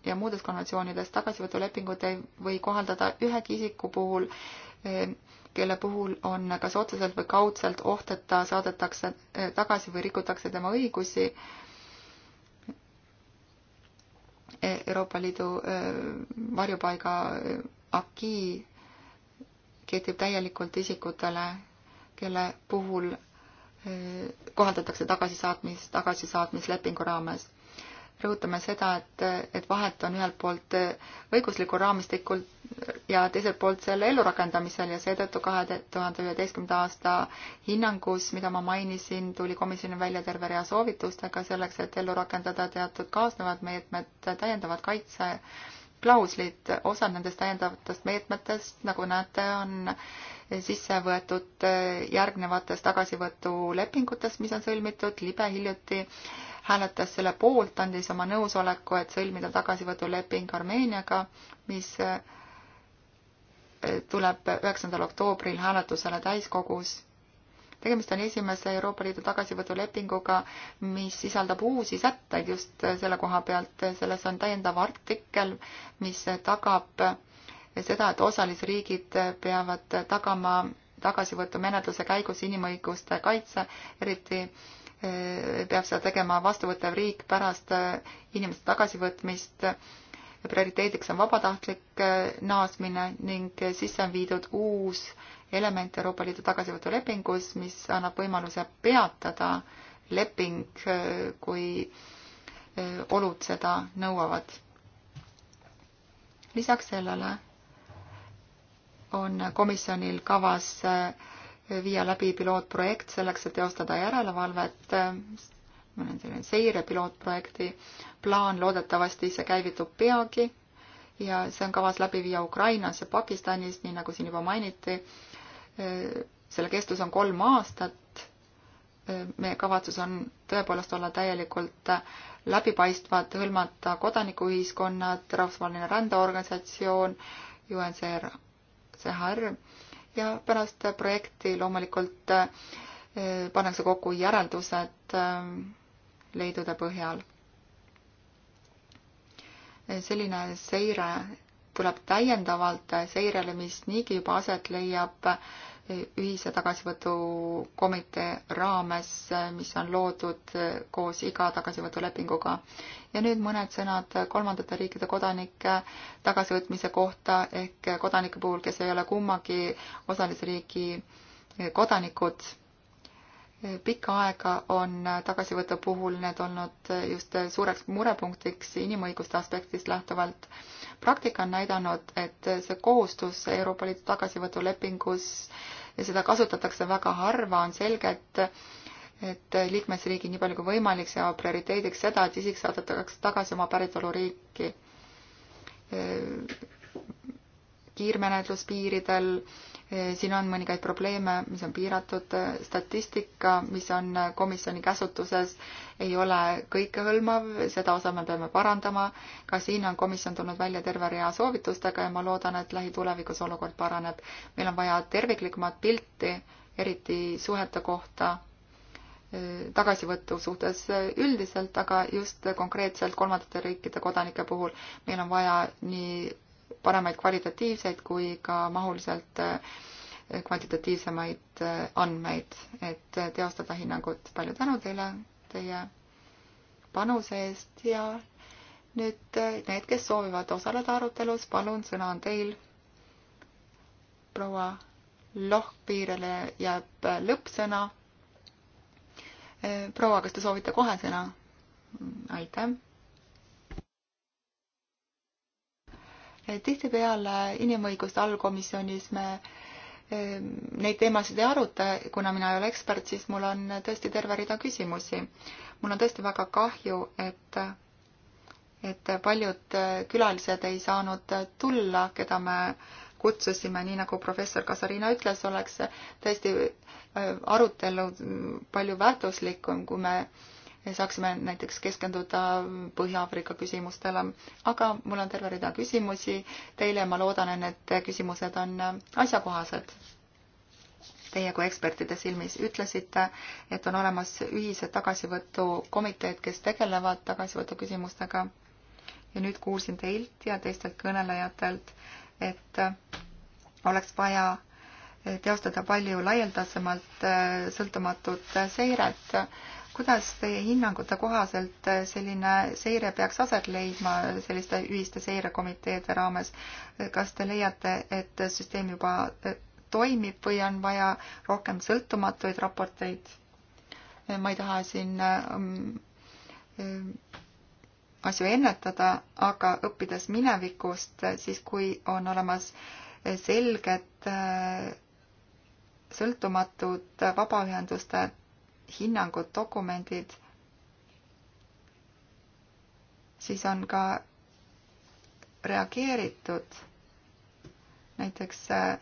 ja muudest konventsioonidest. tagasivõtulepingut ei või kohaldada ühegi isiku puhul, eh, kelle puhul on kas otseselt või kaudselt oht, et ta saadetakse eh, tagasi või rikutakse tema õigusi Euroopa Liidu varjupaiga aki kehtib täielikult isikutele, kelle puhul eh, kohaldatakse tagasisaatmis, tagasisaatmislepingu raames. rõhutame seda, et, et vahet on ühelt poolt eh, õiguslikul raamistikul ja teiselt poolt selle ellurakendamisel ja seetõttu kahe tuhande üheteistkümnenda aasta hinnangus, mida ma mainisin, tuli komisjon välja terve rea soovitustega selleks, et ellu rakendada teatud kaasnevad meetmed, täiendavad kaitse äh, klauslid, osad nendest täiendavatest meetmetest, nagu näete, on sisse võetud järgnevates tagasivõtulepingutes, mis on sõlmitud, libe hiljuti hääletas selle poolt, andis oma nõusoleku, et sõlmida tagasivõtuleping Armeeniaga, mis tuleb üheksandal oktoobril hääletusele täiskogus tegemist on esimese Euroopa Liidu tagasivõtulepinguga, mis sisaldab uusi sätteid just selle koha pealt, selles on täiendav artikkel, mis tagab seda, et osalisriigid peavad tagama tagasivõtumenetluse käigus inimõiguste kaitse, eriti eh, peab seda tegema vastuvõttev riik pärast eh, inimeste tagasivõtmist prioriteediks on vabatahtlik eh, naasmine ning sisse on viidud uus element Euroopa Liidu tagasivõtulepingus, mis annab võimaluse peatada leping, kui eh, olud seda nõuavad. lisaks sellele on komisjonil kavas eh, viia läbi pilootprojekt selleks, et teostada järelevalvet, eh, selline seire pilootprojekti plaan, loodetavasti see käivitub peagi ja see on kavas läbi viia Ukrainas ja Pakistanis, nii nagu siin juba mainiti selle kestus on kolm aastat. meie kavatsus on tõepoolest olla täielikult läbipaistvad, hõlmata kodanikuühiskonnad, Rahvusvaheline Rändeorganisatsioon, UNCR, CHR ja pärast projekti loomulikult eh, pannakse kokku järeldused eh, leidude põhjal. Eh, selline seire tuleb täiendavalt seirele, mis niigi juba aset leiab ühise tagasivõtukomitee raames, mis on loodud koos iga tagasivõtulepinguga. ja nüüd mõned sõnad kolmandate riikide kodanike tagasivõtmise kohta ehk kodanike puhul, kes ei ole kummagi osalisriigi kodanikud. pikka aega on tagasivõtu puhul need olnud just suureks murepunktiks inimõiguste aspektist lähtuvalt praktika on näidanud, et see kohustus Euroopa Liidu tagasivõtulepingus ja seda kasutatakse väga harva, on selge, et et liikmesriigid nii palju kui võimalik seavad prioriteediks seda, et isik saadetakse tagasi oma päritoluriiki kiirmenetluspiiridel Eh, siin on mõningaid probleeme, mis on piiratud, statistika, mis on komisjoni käsutuses, ei ole kõikehõlmav, seda osa me peame parandama. ka siin on komisjon tulnud välja terve rea soovitustega ja ma loodan, et lähitulevikus olukord paraneb. meil on vaja terviklikumat pilti, eriti suhete kohta eh, tagasivõtu suhtes üldiselt, aga just konkreetselt kolmandate riikide kodanike puhul meil on vaja nii paremaid kvalitatiivseid kui ka mahuliselt eh, kvantitatiivsemaid eh, andmeid, et eh, teostada hinnangut. palju tänu teile teie panuse eest ja nüüd need, kes soovivad osaleda arutelus, palun, sõna on teil. proua Lohpiirele jääb lõppsõna. proua, kas te soovite kohe sõna? Mm, aitäh tihtipeale inimõiguste allkomisjonis me neid teemasid ei aruta, kuna mina ei ole ekspert, siis mul on tõesti terve rida küsimusi. mul on tõesti väga kahju, et, et paljud külalised ei saanud tulla, keda me kutsusime, nii nagu professor Kasarina ütles, oleks tõesti äh, arutelu palju väärtuslikum, kui me saaksime näiteks keskenduda Põhja-Aafrika küsimustele. aga mul on terve rida küsimusi teile ja ma loodan, et need küsimused on asjakohased. Teie kui ekspertide silmis ütlesite, et on olemas ühised tagasivõtukomiteed, kes tegelevad tagasivõtu küsimustega. ja nüüd kuulsin teilt ja teistelt kõnelejatelt, et oleks vaja teostada palju laialdasemalt eh, sõltumatut seiret kuidas teie hinnangute kohaselt äh, selline seire peaks aset leidma selliste ühiste seirekomiteede raames? kas te leiate, et süsteem juba äh, toimib või on vaja rohkem sõltumatuid raporteid? Äh, ma ei taha siin ähm, asju ennetada, aga õppides minevikust, siis kui on olemas selged sõltumatud vabaühenduste hinnangud, dokumendid, siis on ka reageeritud näiteks äh, äh,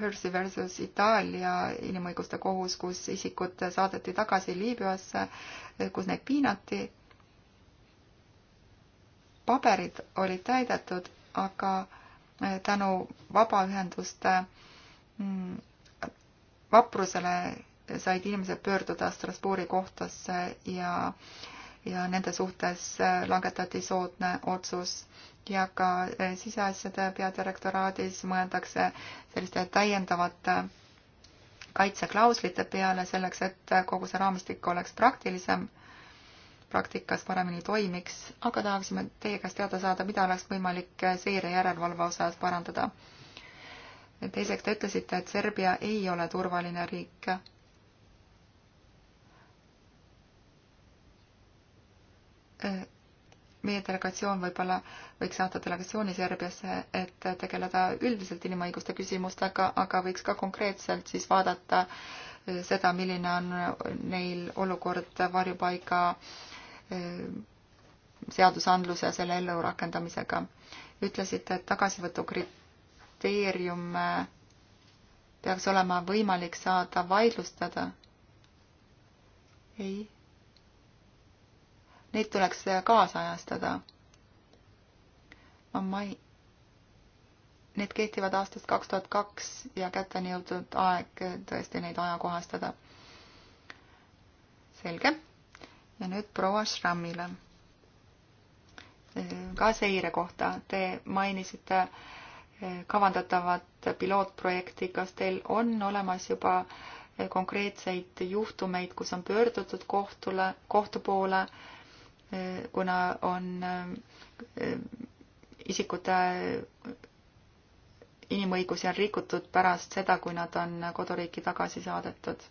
Hersi versus Itaalia inimõiguste kohus, kus isikud saadeti tagasi Liibüasse, äh, kus neid piinati. paberid olid täidetud, aga tänu vabaühenduste mm, vaprusele said inimesed pöörduda Strasbourgi kohtusse ja, ja nende suhtes langetati soodne otsus ja ka eh, siseasjade peadirektoraadis mõeldakse selliste täiendavate kaitseklauslite peale selleks, et kogu see raamistik oleks praktilisem, praktikas paremini toimiks, aga tahaksime teie käest teada saada, mida oleks võimalik seire järelevalve osas parandada. teiseks te ütlesite, et Serbia ei ole turvaline riik. meie delegatsioon võib-olla võiks saata delegatsiooni Serbiasse, et tegeleda üldiselt inimõiguste küsimustega, aga võiks ka konkreetselt siis vaadata eh, seda, milline on neil olukord varjupaiga eh, seadusandluse ja selle ellu rakendamisega. ütlesite, et tagasivõtu kriteeriume eh, peaks olema võimalik saada vaidlustada. ei neid tuleks kaasajastada. ma mai-, need kehtivad aastast kaks tuhat kaks ja kätte on jõudnud aeg tõesti neid ajakohastada. selge. ja nüüd proua Schrammile. ka seire kohta. Te mainisite eh, kavandatavat pilootprojekti. kas teil on olemas juba eh, konkreetseid juhtumeid, kus on pöördutud kohtule, kohtu poole äh, kuna on eh, isikute inimõigusi on rikutud pärast seda, kui nad on koduriiki tagasi saadetud.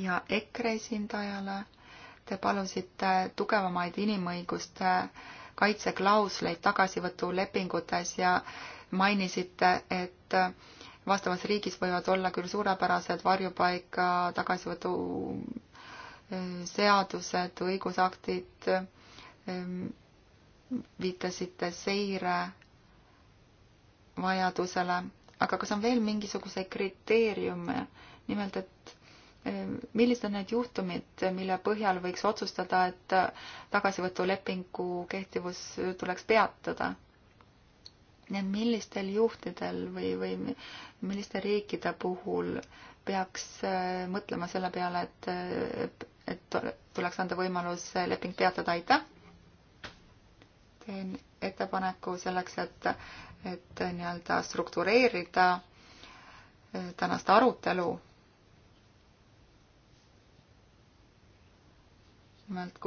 ja EKRE esindajale te palusite tugevamaid inimõiguste kaitseklausleid tagasivõtulepingutes ja mainisite, et vastavas riigis võivad olla küll suurepärased varjupaika tagasivõtu eh, seadused, õigusaktid, ehm, viitasite seire vajadusele, aga kas on veel mingisuguseid kriteeriume, nimelt et ehm, millised on need juhtumid, mille põhjal võiks otsustada, et tagasivõtulepingu kehtivus tuleks peatada? millistel juhtidel või, või milliste riikide puhul peaks äh, mõtlema selle peale, et, äh, et tuleks anda võimalus leping peatada, aitäh. teen ettepaneku selleks, et, et nii-öelda struktureerida äh, tänast arutelu. nimelt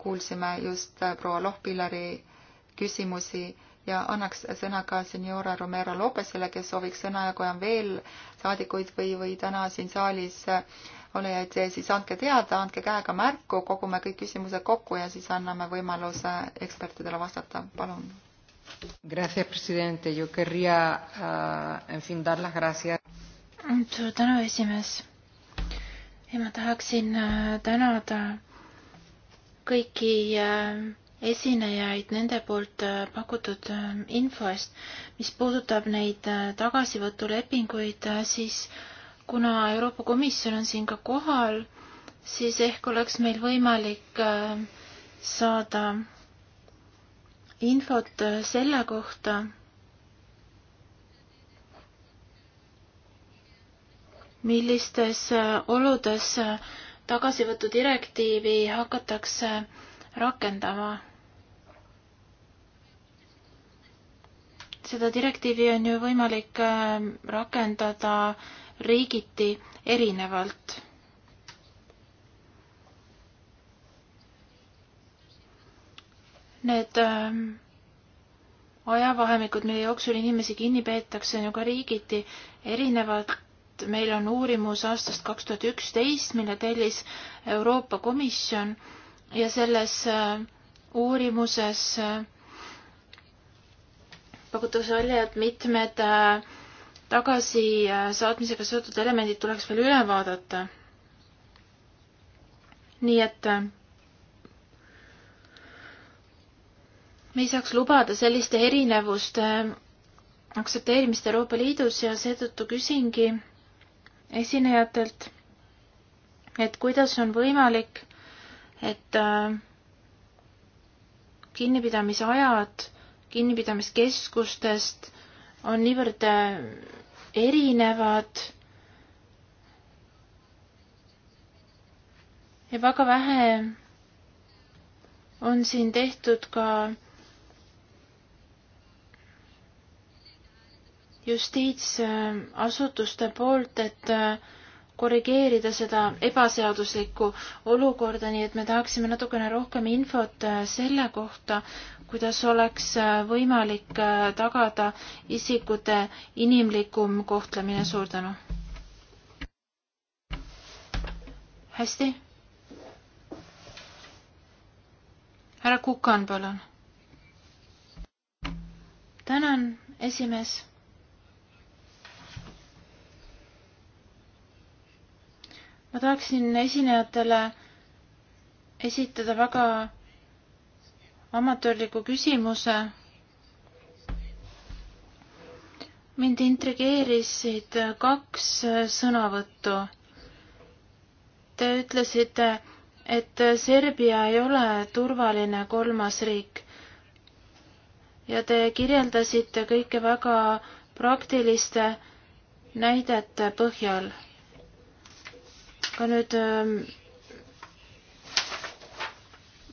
kuulsime just proua Lohpilleri küsimusi ja annaks sõna ka seniora Romero Lopesele, kes sooviks sõna ja kui on veel saadikuid või, või täna siin saalis olejaid, siis andke teada, andke käega märku, kogume kõik küsimused kokku ja siis anname võimaluse ekspertidele vastata, palun. Gracias, presidente, yo querría uh, en fin dar las gracias. suur tänu, esimees. ja ma tahaksin ah, tänada kõiki uh, esinejaid nende poolt äh, pakutud ähm, info eest. mis puudutab neid äh, tagasivõtulepinguid, äh, siis kuna Euroopa Komisjon on siin ka kohal, siis ehk oleks meil võimalik saada infot selle kohta, millistes oludes tagasivõtudirektiivi hakatakse rakendama seda direktiivi on ju võimalik äh, rakendada riigiti erinevalt. Need ähm, ajavahemikud, mille jooksul inimesi kinni peetakse, on ju ka riigiti erinevad. meil on uurimus aastast kaks tuhat üksteist, mille tellis Euroopa Komisjon ja selles äh, uurimuses äh, pakutakse välja, et mitmed äh, tagasisaatmisega äh, seotud elemendid tuleks veel üle vaadata. nii et äh, me ei saaks lubada selliste erinevuste aktsepteerimist Euroopa Liidus ja seetõttu küsingi esinejatelt, et kuidas on võimalik, et kinnipidamise ajad kinnipidamiskeskustest on niivõrd äh, erinevad ja väga vähe on siin tehtud ka justiitsasutuste poolt, et äh, korrigeerida seda ebaseaduslikku olukorda, nii et me tahaksime natukene rohkem infot äh, selle kohta, kuidas oleks äh, võimalik äh, tagada isikute inimlikum kohtlemine. suur tänu. hästi. härra Kukan, palun. tänan, esimees. ma tahaksin esinejatele esitada väga amatöörliku küsimuse. mind intrigeerisid kaks sõnavõttu. Te ütlesite, et Serbia ei ole turvaline kolmas riik ja te kirjeldasite kõike väga praktiliste näidete põhjal. ka nüüd ähm,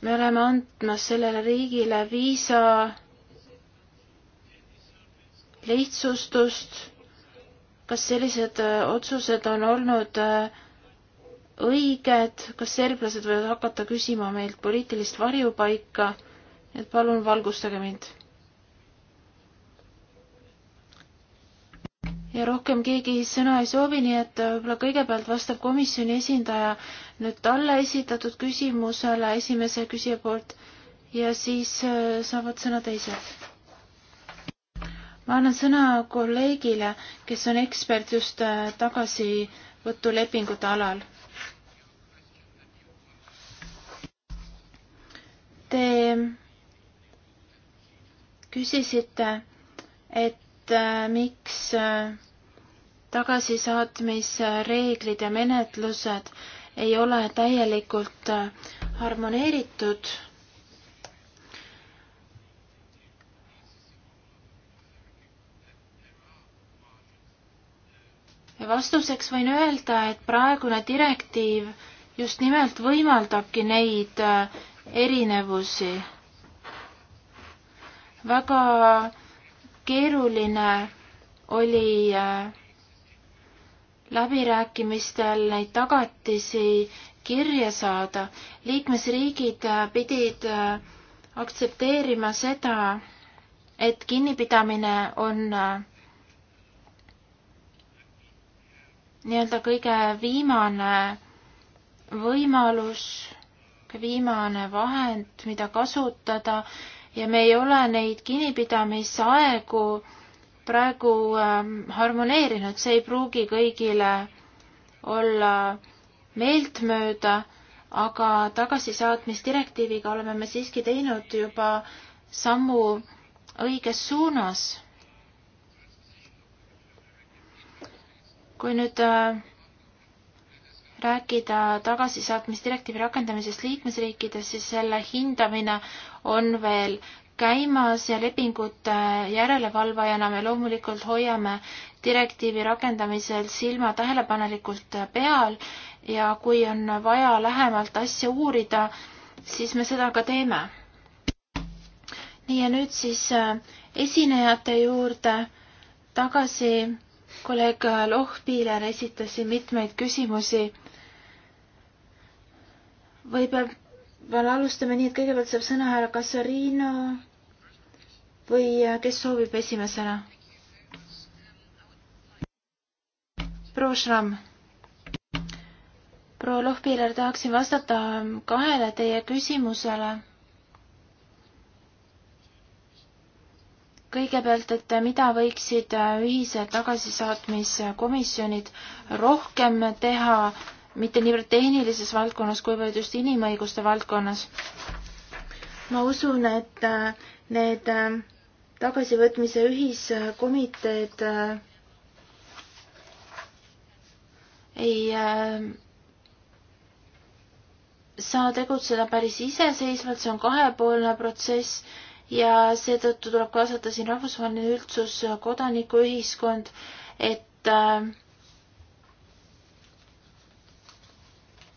me oleme andmas sellele riigile viisa lihtsustust. kas sellised äh, otsused on olnud äh, õiged, kas serblased võivad hakata küsima meilt poliitilist varjupaika? et palun valgustage mind ja rohkem keegi sõna ei soovi, nii et äh, võib-olla kõigepealt vastab komisjoni esindaja nüüd talle esitatud küsimusele esimese küsija poolt ja siis äh, saavad sõna teised. ma annan sõna kolleegile, kes on ekspert just äh, tagasivõtulepingute alal. Te küsisite, et Äh, miks äh, tagasisaatmisreeglid ja menetlused ei ole täielikult äh, harmoneeritud. ja vastuseks võin öelda, et praegune direktiiv just nimelt võimaldabki neid erinevusi. väga keeruline oli äh, läbirääkimistel neid tagatisi kirja saada. liikmesriigid äh, pidid äh, aktsepteerima seda, et kinnipidamine on nii-öelda kõige viimane võimalus, viimane vahend, mida kasutada ja me ei ole neid kinnipidamisaegu praegu ähm, harmoneerinud, see ei pruugi kõigile olla meeltmööda, aga tagasisaatmisdirektiiviga oleme me siiski teinud juba sammu õiges suunas. kui nüüd äh, rääkida tagasisaatmisdirektiivi rakendamisest liikmesriikides, siis selle hindamine on veel käimas ja lepingute järelevalvajana me loomulikult hoiame direktiivi rakendamisel silma tähelepanelikult peal ja kui on vaja lähemalt asja uurida, siis me seda ka teeme. nii ja nüüd siis äh, esinejate juurde tagasi kolleeg Lohpiiler esitas siin mitmeid küsimusi võib-olla alustame nii, et kõigepealt saab sõna härra Kasarino või äh, kes soovib esimesena? proua Schramm. proua Lohpiiler, tahaksin vastata ähm, kahele teie küsimusele. kõigepealt, et äh, mida võiksid äh, ühise tagasisaatmiskomisjonid rohkem teha mitte niivõrd tehnilises valdkonnas, kuivõrd just inimõiguste valdkonnas. ma usun, et äh, need äh, tagasivõtmise ühiskomiteed äh, ei saa tegutseda päris iseseisvalt, see on kahepoolne protsess ja seetõttu tuleb kaasata siin rahvusvaheline üldsus, kodanikuühiskond, et äh,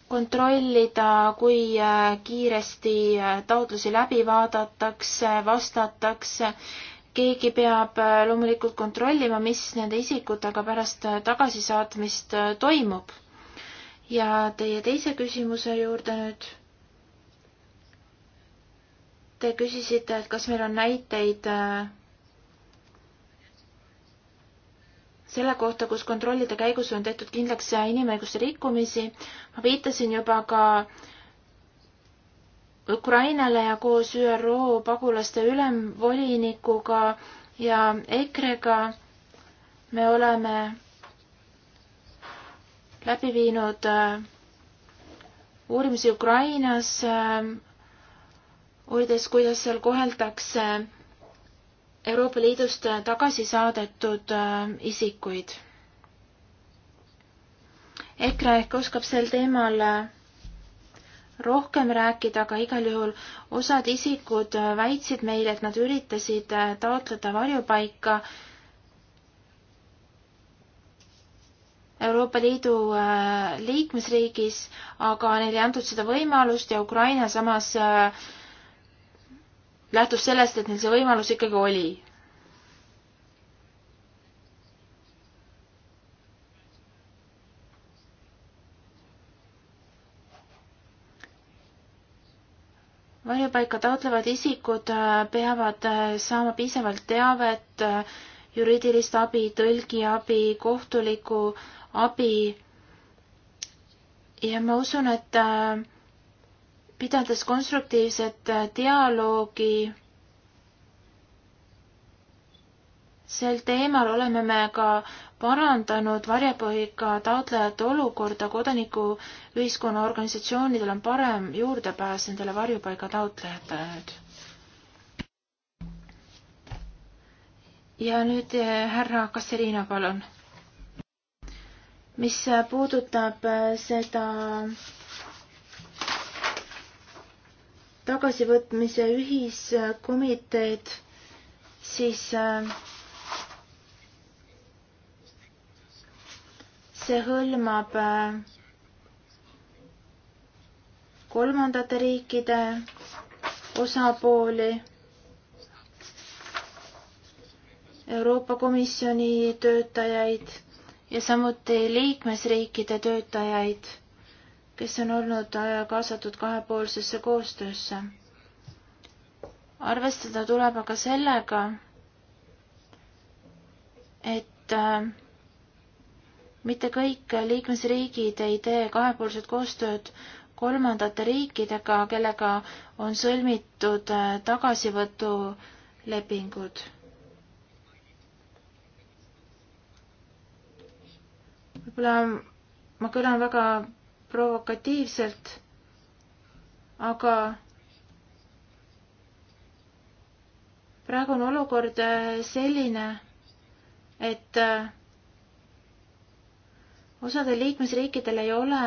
kontrollida, kui äh, kiiresti äh, taotlusi läbi vaadatakse, vastatakse. keegi peab äh, loomulikult kontrollima, mis nende isikutega pärast tagasisaatmist toimub. ja teie teise küsimuse juurde nüüd. Te küsisite, et kas meil on näiteid selle kohta, kus kontrollide käigus on tehtud kindlaks inimõiguste rikkumisi. ma viitasin juba ka Ukrainale ja koos ÜRO pagulaste ülemvolinikuga ja EKRE-ga me oleme läbi viinud äh, uurimisi Ukrainas, uurides, äh, kuidas seal koheldakse Euroopa Liidust äh, tagasi saadetud äh, isikuid. EKRE ehk oskab sel teemal äh, rohkem rääkida, aga igal juhul osad isikud väitsid meile, et nad üritasid taotleda varjupaika Euroopa Liidu liikmesriigis, aga neile ei antud seda võimalust ja Ukraina samas äh, lähtus sellest, et neil see võimalus ikkagi oli. varjupaika taotlevad isikud äh, peavad äh, saama piisavalt teavet, äh, juriidilist abi, tõlgiabi, kohtulikku abi. ja ma usun, et äh, pidades konstruktiivset äh, dialoogi sel teemal oleme me ka parandanud varjapõhiga taotlejate olukorda, kodanikuühiskonna organisatsioonidel on parem juurdepääs nendele varjupaiga taotlejatele nüüd. ja nüüd äh, härra Kasseriina, palun. mis puudutab äh, seda tagasivõtmise ühiskomiteed, siis äh, see hõlmab äh, kolmandate riikide osapooli, Euroopa Komisjoni töötajaid ja samuti liikmesriikide töötajaid kes on olnud äh, kaasatud kahepoolsesse koostöösse. arvestada tuleb aga sellega, et äh, mitte kõik liikmesriigid ei tee kahepoolset koostööd kolmandate riikidega, kellega on sõlmitud äh, tagasivõtulepingud. võib-olla ma kõlan väga provokatiivselt, aga praegu on olukord äh, selline, et äh, osadel liikmesriikidel ei ole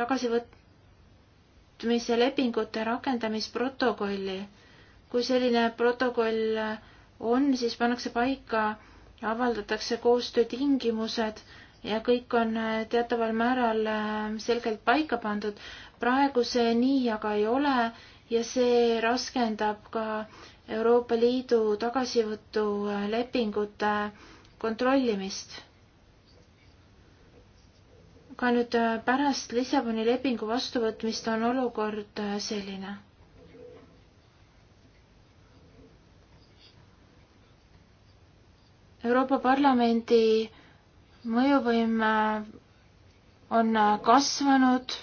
tagasivõtmise lepingute rakendamisprotokolli. kui selline protokoll äh, on, siis pannakse paika ja avaldatakse koostöötingimused ja kõik on äh, teataval määral äh, selgelt paika pandud. praegu see nii aga ei ole ja see raskendab ka Euroopa Liidu tagasivõtulepingute äh, kontrollimist. ka nüüd pärast Lissaboni lepingu vastuvõtmist on olukord selline Euroopa Parlamendi mõjuvõim on kasvanud,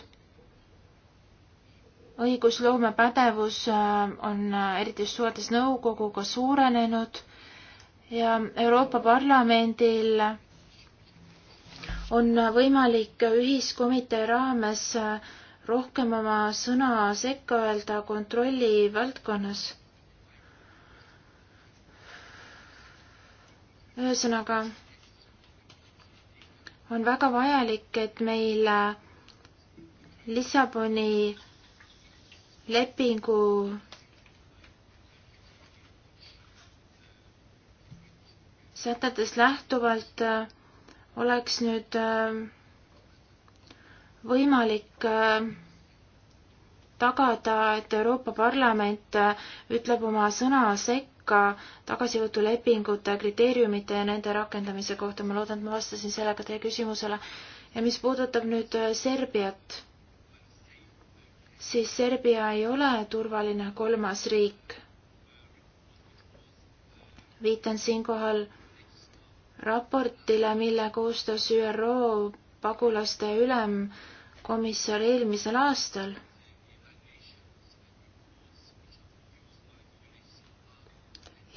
õigusloome pädevus äh, on äh, eriti suhetes nõukoguga suurenenud ja Euroopa Parlamendil on võimalik ühiskomitee raames äh, rohkem oma sõna sekka öelda kontrolli valdkonnas. ühesõnaga on väga vajalik, et meil Lissaboni lepingu sätetest lähtuvalt äh, oleks nüüd äh, võimalik äh, tagada, et Euroopa Parlament ütleb oma sõna sekka ka tagasivõtulepingute kriteeriumite ja nende rakendamise kohta. ma loodan, et ma vastasin sellega teie küsimusele. ja mis puudutab nüüd äh, Serbiat, siis Serbia ei ole turvaline kolmas riik. viitan siinkohal raportile, mille koostas ÜRO pagulaste ülemkomissar eelmisel aastal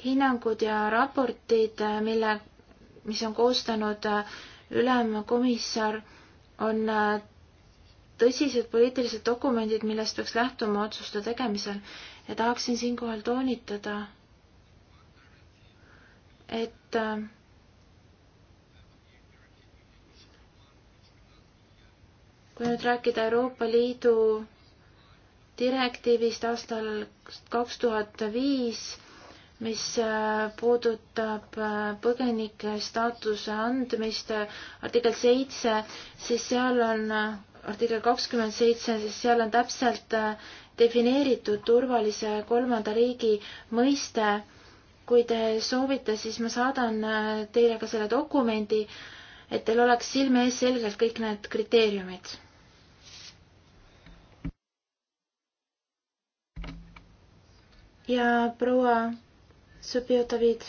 hinnangud ja raportid, mille, mis on koostanud äh, ülemkomissar, on äh, tõsised poliitilised dokumendid, millest peaks lähtuma otsuste tegemisel ja tahaksin siinkohal toonitada, et äh, kui nüüd rääkida Euroopa Liidu direktiivist aastal kaks tuhat viis, mis äh, puudutab äh, põgenike staatuse andmist äh, artikkel seitse, siis seal on artikkel kakskümmend seitse, siis seal on täpselt defineeritud turvalise kolmanda riigi mõiste. kui te soovite, siis ma saadan teile ka selle dokumendi, et teil oleks silme ees selgelt kõik need kriteeriumid ja proua sobijo ta vid.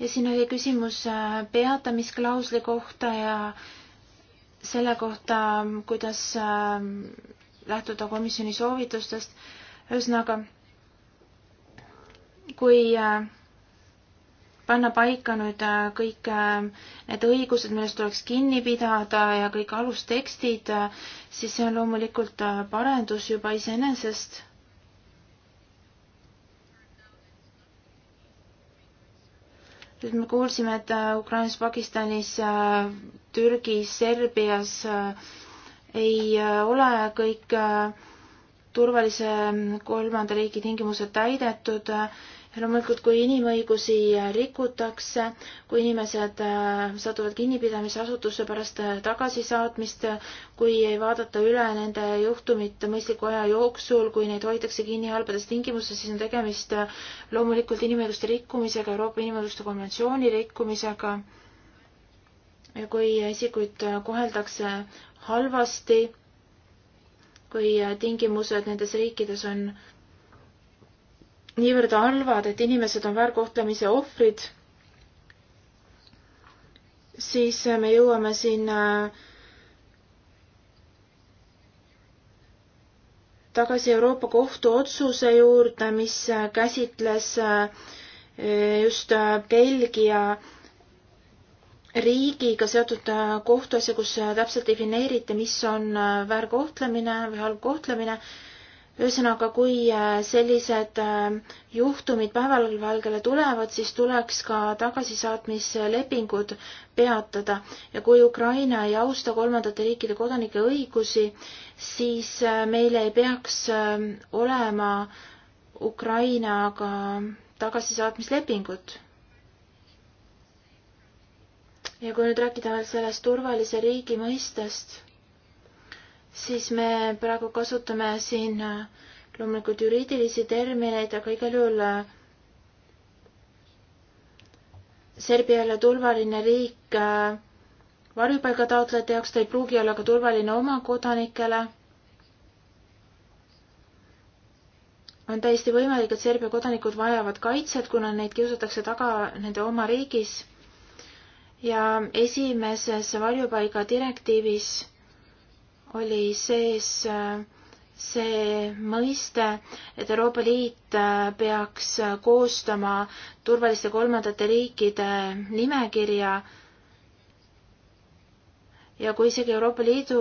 ja siin oli küsimus äh, peatamisklausli kohta ja selle kohta, kuidas äh, lähtuda komisjoni soovitustest. ühesõnaga, kui äh, panna paika nüüd äh, kõik äh, need õigused, millest tuleks kinni pidada ja kõik alustekstid, äh, siis see on loomulikult parendus juba iseenesest. nüüd me kuulsime, et Ukrainas, Pakistanis, Türgis, Serbias ei ole kõik turvalise kolmanda riigi tingimused täidetud loomulikult, kui inimõigusi rikutakse, kui inimesed äh, satuvad kinnipidamisasutusse pärast äh, tagasisaatmist, kui ei vaadata üle nende juhtumit mõistliku aja jooksul, kui neid hoitakse kinni halbades tingimustes, siis on tegemist äh, loomulikult inimõiguste rikkumisega, Euroopa Inimõiguste konventsiooni rikkumisega. ja kui isikuid koheldakse halvasti, kui tingimused nendes riikides on niivõrd halvad, et inimesed on väärkohtlemise ohvrid, siis me jõuame siin tagasi Euroopa Kohtu otsuse juurde, mis käsitles eh, just eh, Belgia riigiga seotud eh, kohtuasja, kus täpselt defineeriti, mis on väärkohtlemine või halb kohtlemine ühesõnaga, kui äh, sellised äh, juhtumid päevavalgele tulevad, siis tuleks ka tagasisaatmislepingud peatada ja kui Ukraina ei austa kolmandate riikide kodanike õigusi, siis äh, meil ei peaks olema Ukrainaga tagasisaatmislepingut ja kui nüüd rääkida veel sellest turvalise riigi mõistest, siis me praegu kasutame siin äh, loomulikult juriidilisi termineid, aga igal juhul äh, Serbiale turvaline riik äh, varjupaigataotlejate jaoks ta ei pruugi olla ka turvaline oma kodanikele. on täiesti võimalik, et Serbia kodanikud vajavad kaitset, kuna neid kiusatakse taga nende oma riigis. ja esimeses varjupaiga direktiivis oli sees äh, see mõiste, et Euroopa Liit äh, peaks äh, koostama turvaliste kolmandate riikide nimekirja ja kui isegi Euroopa Liidu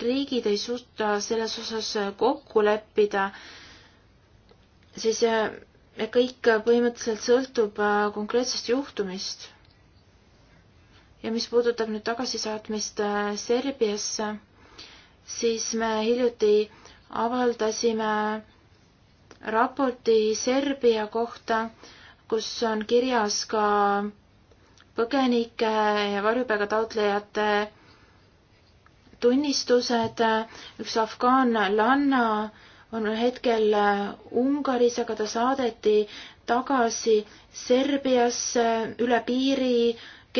riigid ei suuda selles osas kokku leppida, siis kõik põhimõtteliselt sõltub konkreetsest juhtumist. ja mis puudutab nüüd tagasisaatmist Serbiasse siis me hiljuti avaldasime raporti Serbia kohta, kus on kirjas ka põgenike ja varjupaiga taotlejate tunnistused. üks afgaanlanna on hetkel Ungaris, aga ta saadeti tagasi Serbiasse üle piiri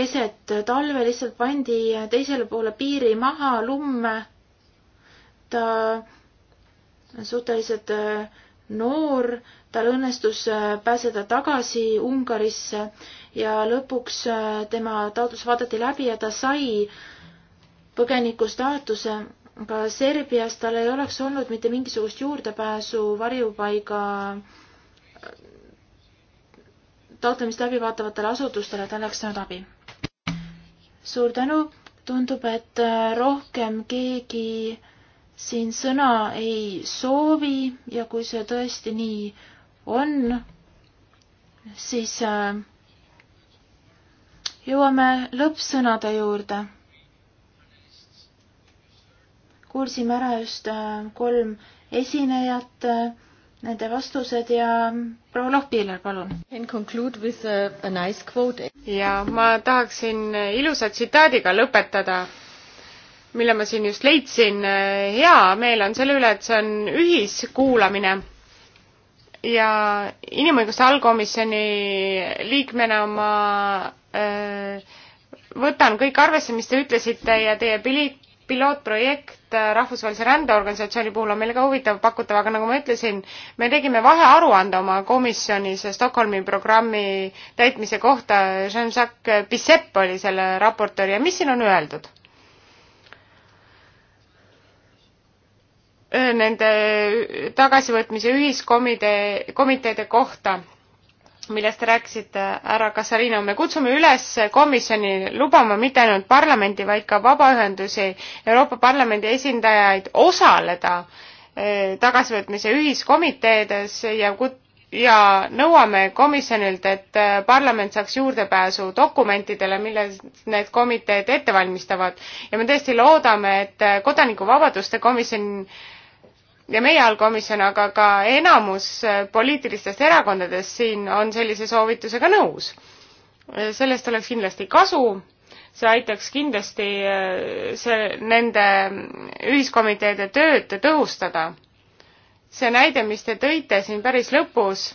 keset talve, lihtsalt pandi teisele poole piiri maha, lumme ta on äh, suhteliselt äh, noor, tal õnnestus äh, pääseda tagasi Ungarisse ja lõpuks tema taotlus vaadati läbi ja ta sai põgeniku staatuse, aga Serbias tal ei oleks olnud mitte mingisugust juurdepääsu varjupaiga taotlemist läbi vaatavatele asutustele, ta läks nüüd abi. suur tänu, tundub, et rohkem keegi siin sõna ei soovi ja kui see tõesti nii on, siis äh, jõuame lõppsõnade juurde. kuulsime ära just äh, kolm esinejat, äh, nende vastused ja proua Lohpiiler, palun. Uh, nice ja ma tahaksin ilusa tsitaadiga lõpetada mille ma siin just leidsin, äh, hea meel on selle üle, et see on ühiskuulamine ja inimõiguste allkomisjoni liikmena ma öö, äh, võtan kõik arvesse, mis te ütlesite ja teie pili-, pilootprojekt äh, Rahvusvahelise Rändeorganisatsiooni puhul on meile ka huvitav pakutav, aga nagu ma ütlesin, me tegime vahearuande oma komisjonis Stockholmi programmi täitmise kohta, Jean-Jacques Pissep oli selle raportöör ja mis siin on öeldud? nende tagasivõtmise ühiskomitee, komiteede kohta, millest te rääkisite, härra Kasarino, me kutsume üles komisjoni lubama mitte ainult parlamendi, vaid ka vabaühendusi, Euroopa Parlamendi esindajaid osaleda eh, tagasivõtmise ühiskomiteedes ja kut-, ja nõuame komisjonilt, et eh, parlament saaks juurdepääsu dokumentidele, milles need komiteed ette valmistavad ja me tõesti loodame, et eh, kodanikuvabaduste komisjon ja meie allkomisjon, aga ka enamus äh, poliitilistest erakondadest siin on sellise soovitusega nõus. sellest oleks kindlasti kasu, see aitaks kindlasti äh, see, nende ühiskomiteede tööd tõhustada. see näide, mis te tõite siin päris lõpus,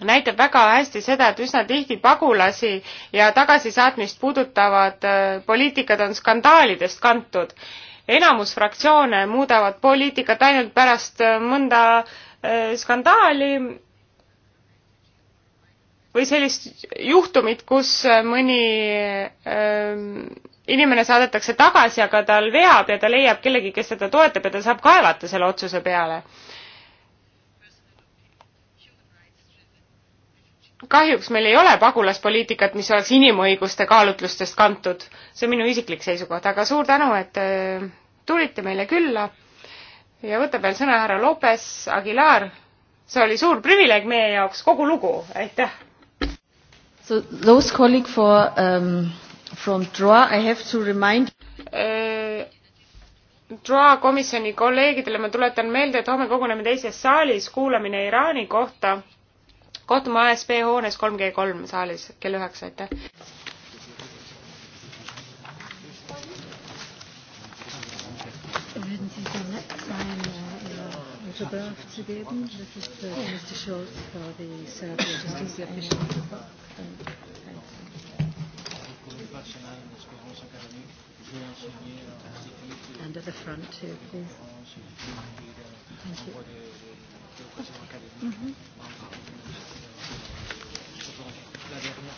näitab väga hästi seda, et üsna tihti pagulasi ja tagasisaatmist puudutavad äh, poliitikad on skandaalidest kantud enamus fraktsioone muudavad poliitikat ainult pärast äh, mõnda äh, skandaali või sellist juhtumit, kus äh, mõni ähm, inimene saadetakse tagasi, aga tal veab ja ta leiab kellegi, kes teda toetab ja ta saab kaevata selle otsuse peale kahjuks meil ei ole pagulaspoliitikat, mis oleks inimõiguste kaalutlustest kantud. see on minu isiklik seisukoht, aga suur tänu, et äh, tulite meile külla. ja võtab veel sõna härra Lopes Aguilar. see oli suur privileeg meie jaoks, kogu lugu, aitäh. So those colleague for um, from DROA I have to remind uh, äh, DROA komisjoni kolleegidele ma tuletan meelde, et homme koguneme teises saalis, kuulamine Iraani kohta kohtume ASB hoones kolm G kolm saalis kell üheksa, aitäh! Würden Sie den letzten Ihre Berichte geben? Das ist Mr. Schulz for the Serbian Justice Official. And at the front too, please. Thank you. Mm-hmm.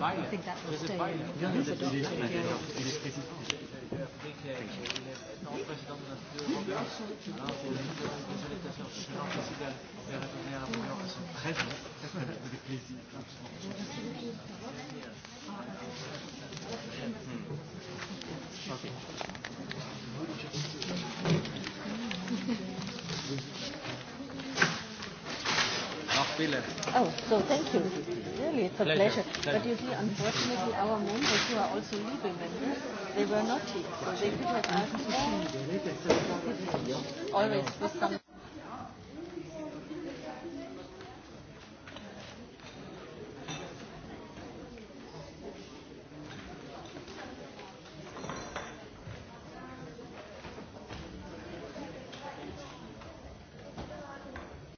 I think that will stay. Okay. Wille. Oh, so thank you. Really, it's a pleasure. pleasure. pleasure. But you see, unfortunately, our members who are also leaving members, they were not here, so they could have asked more. Always for some.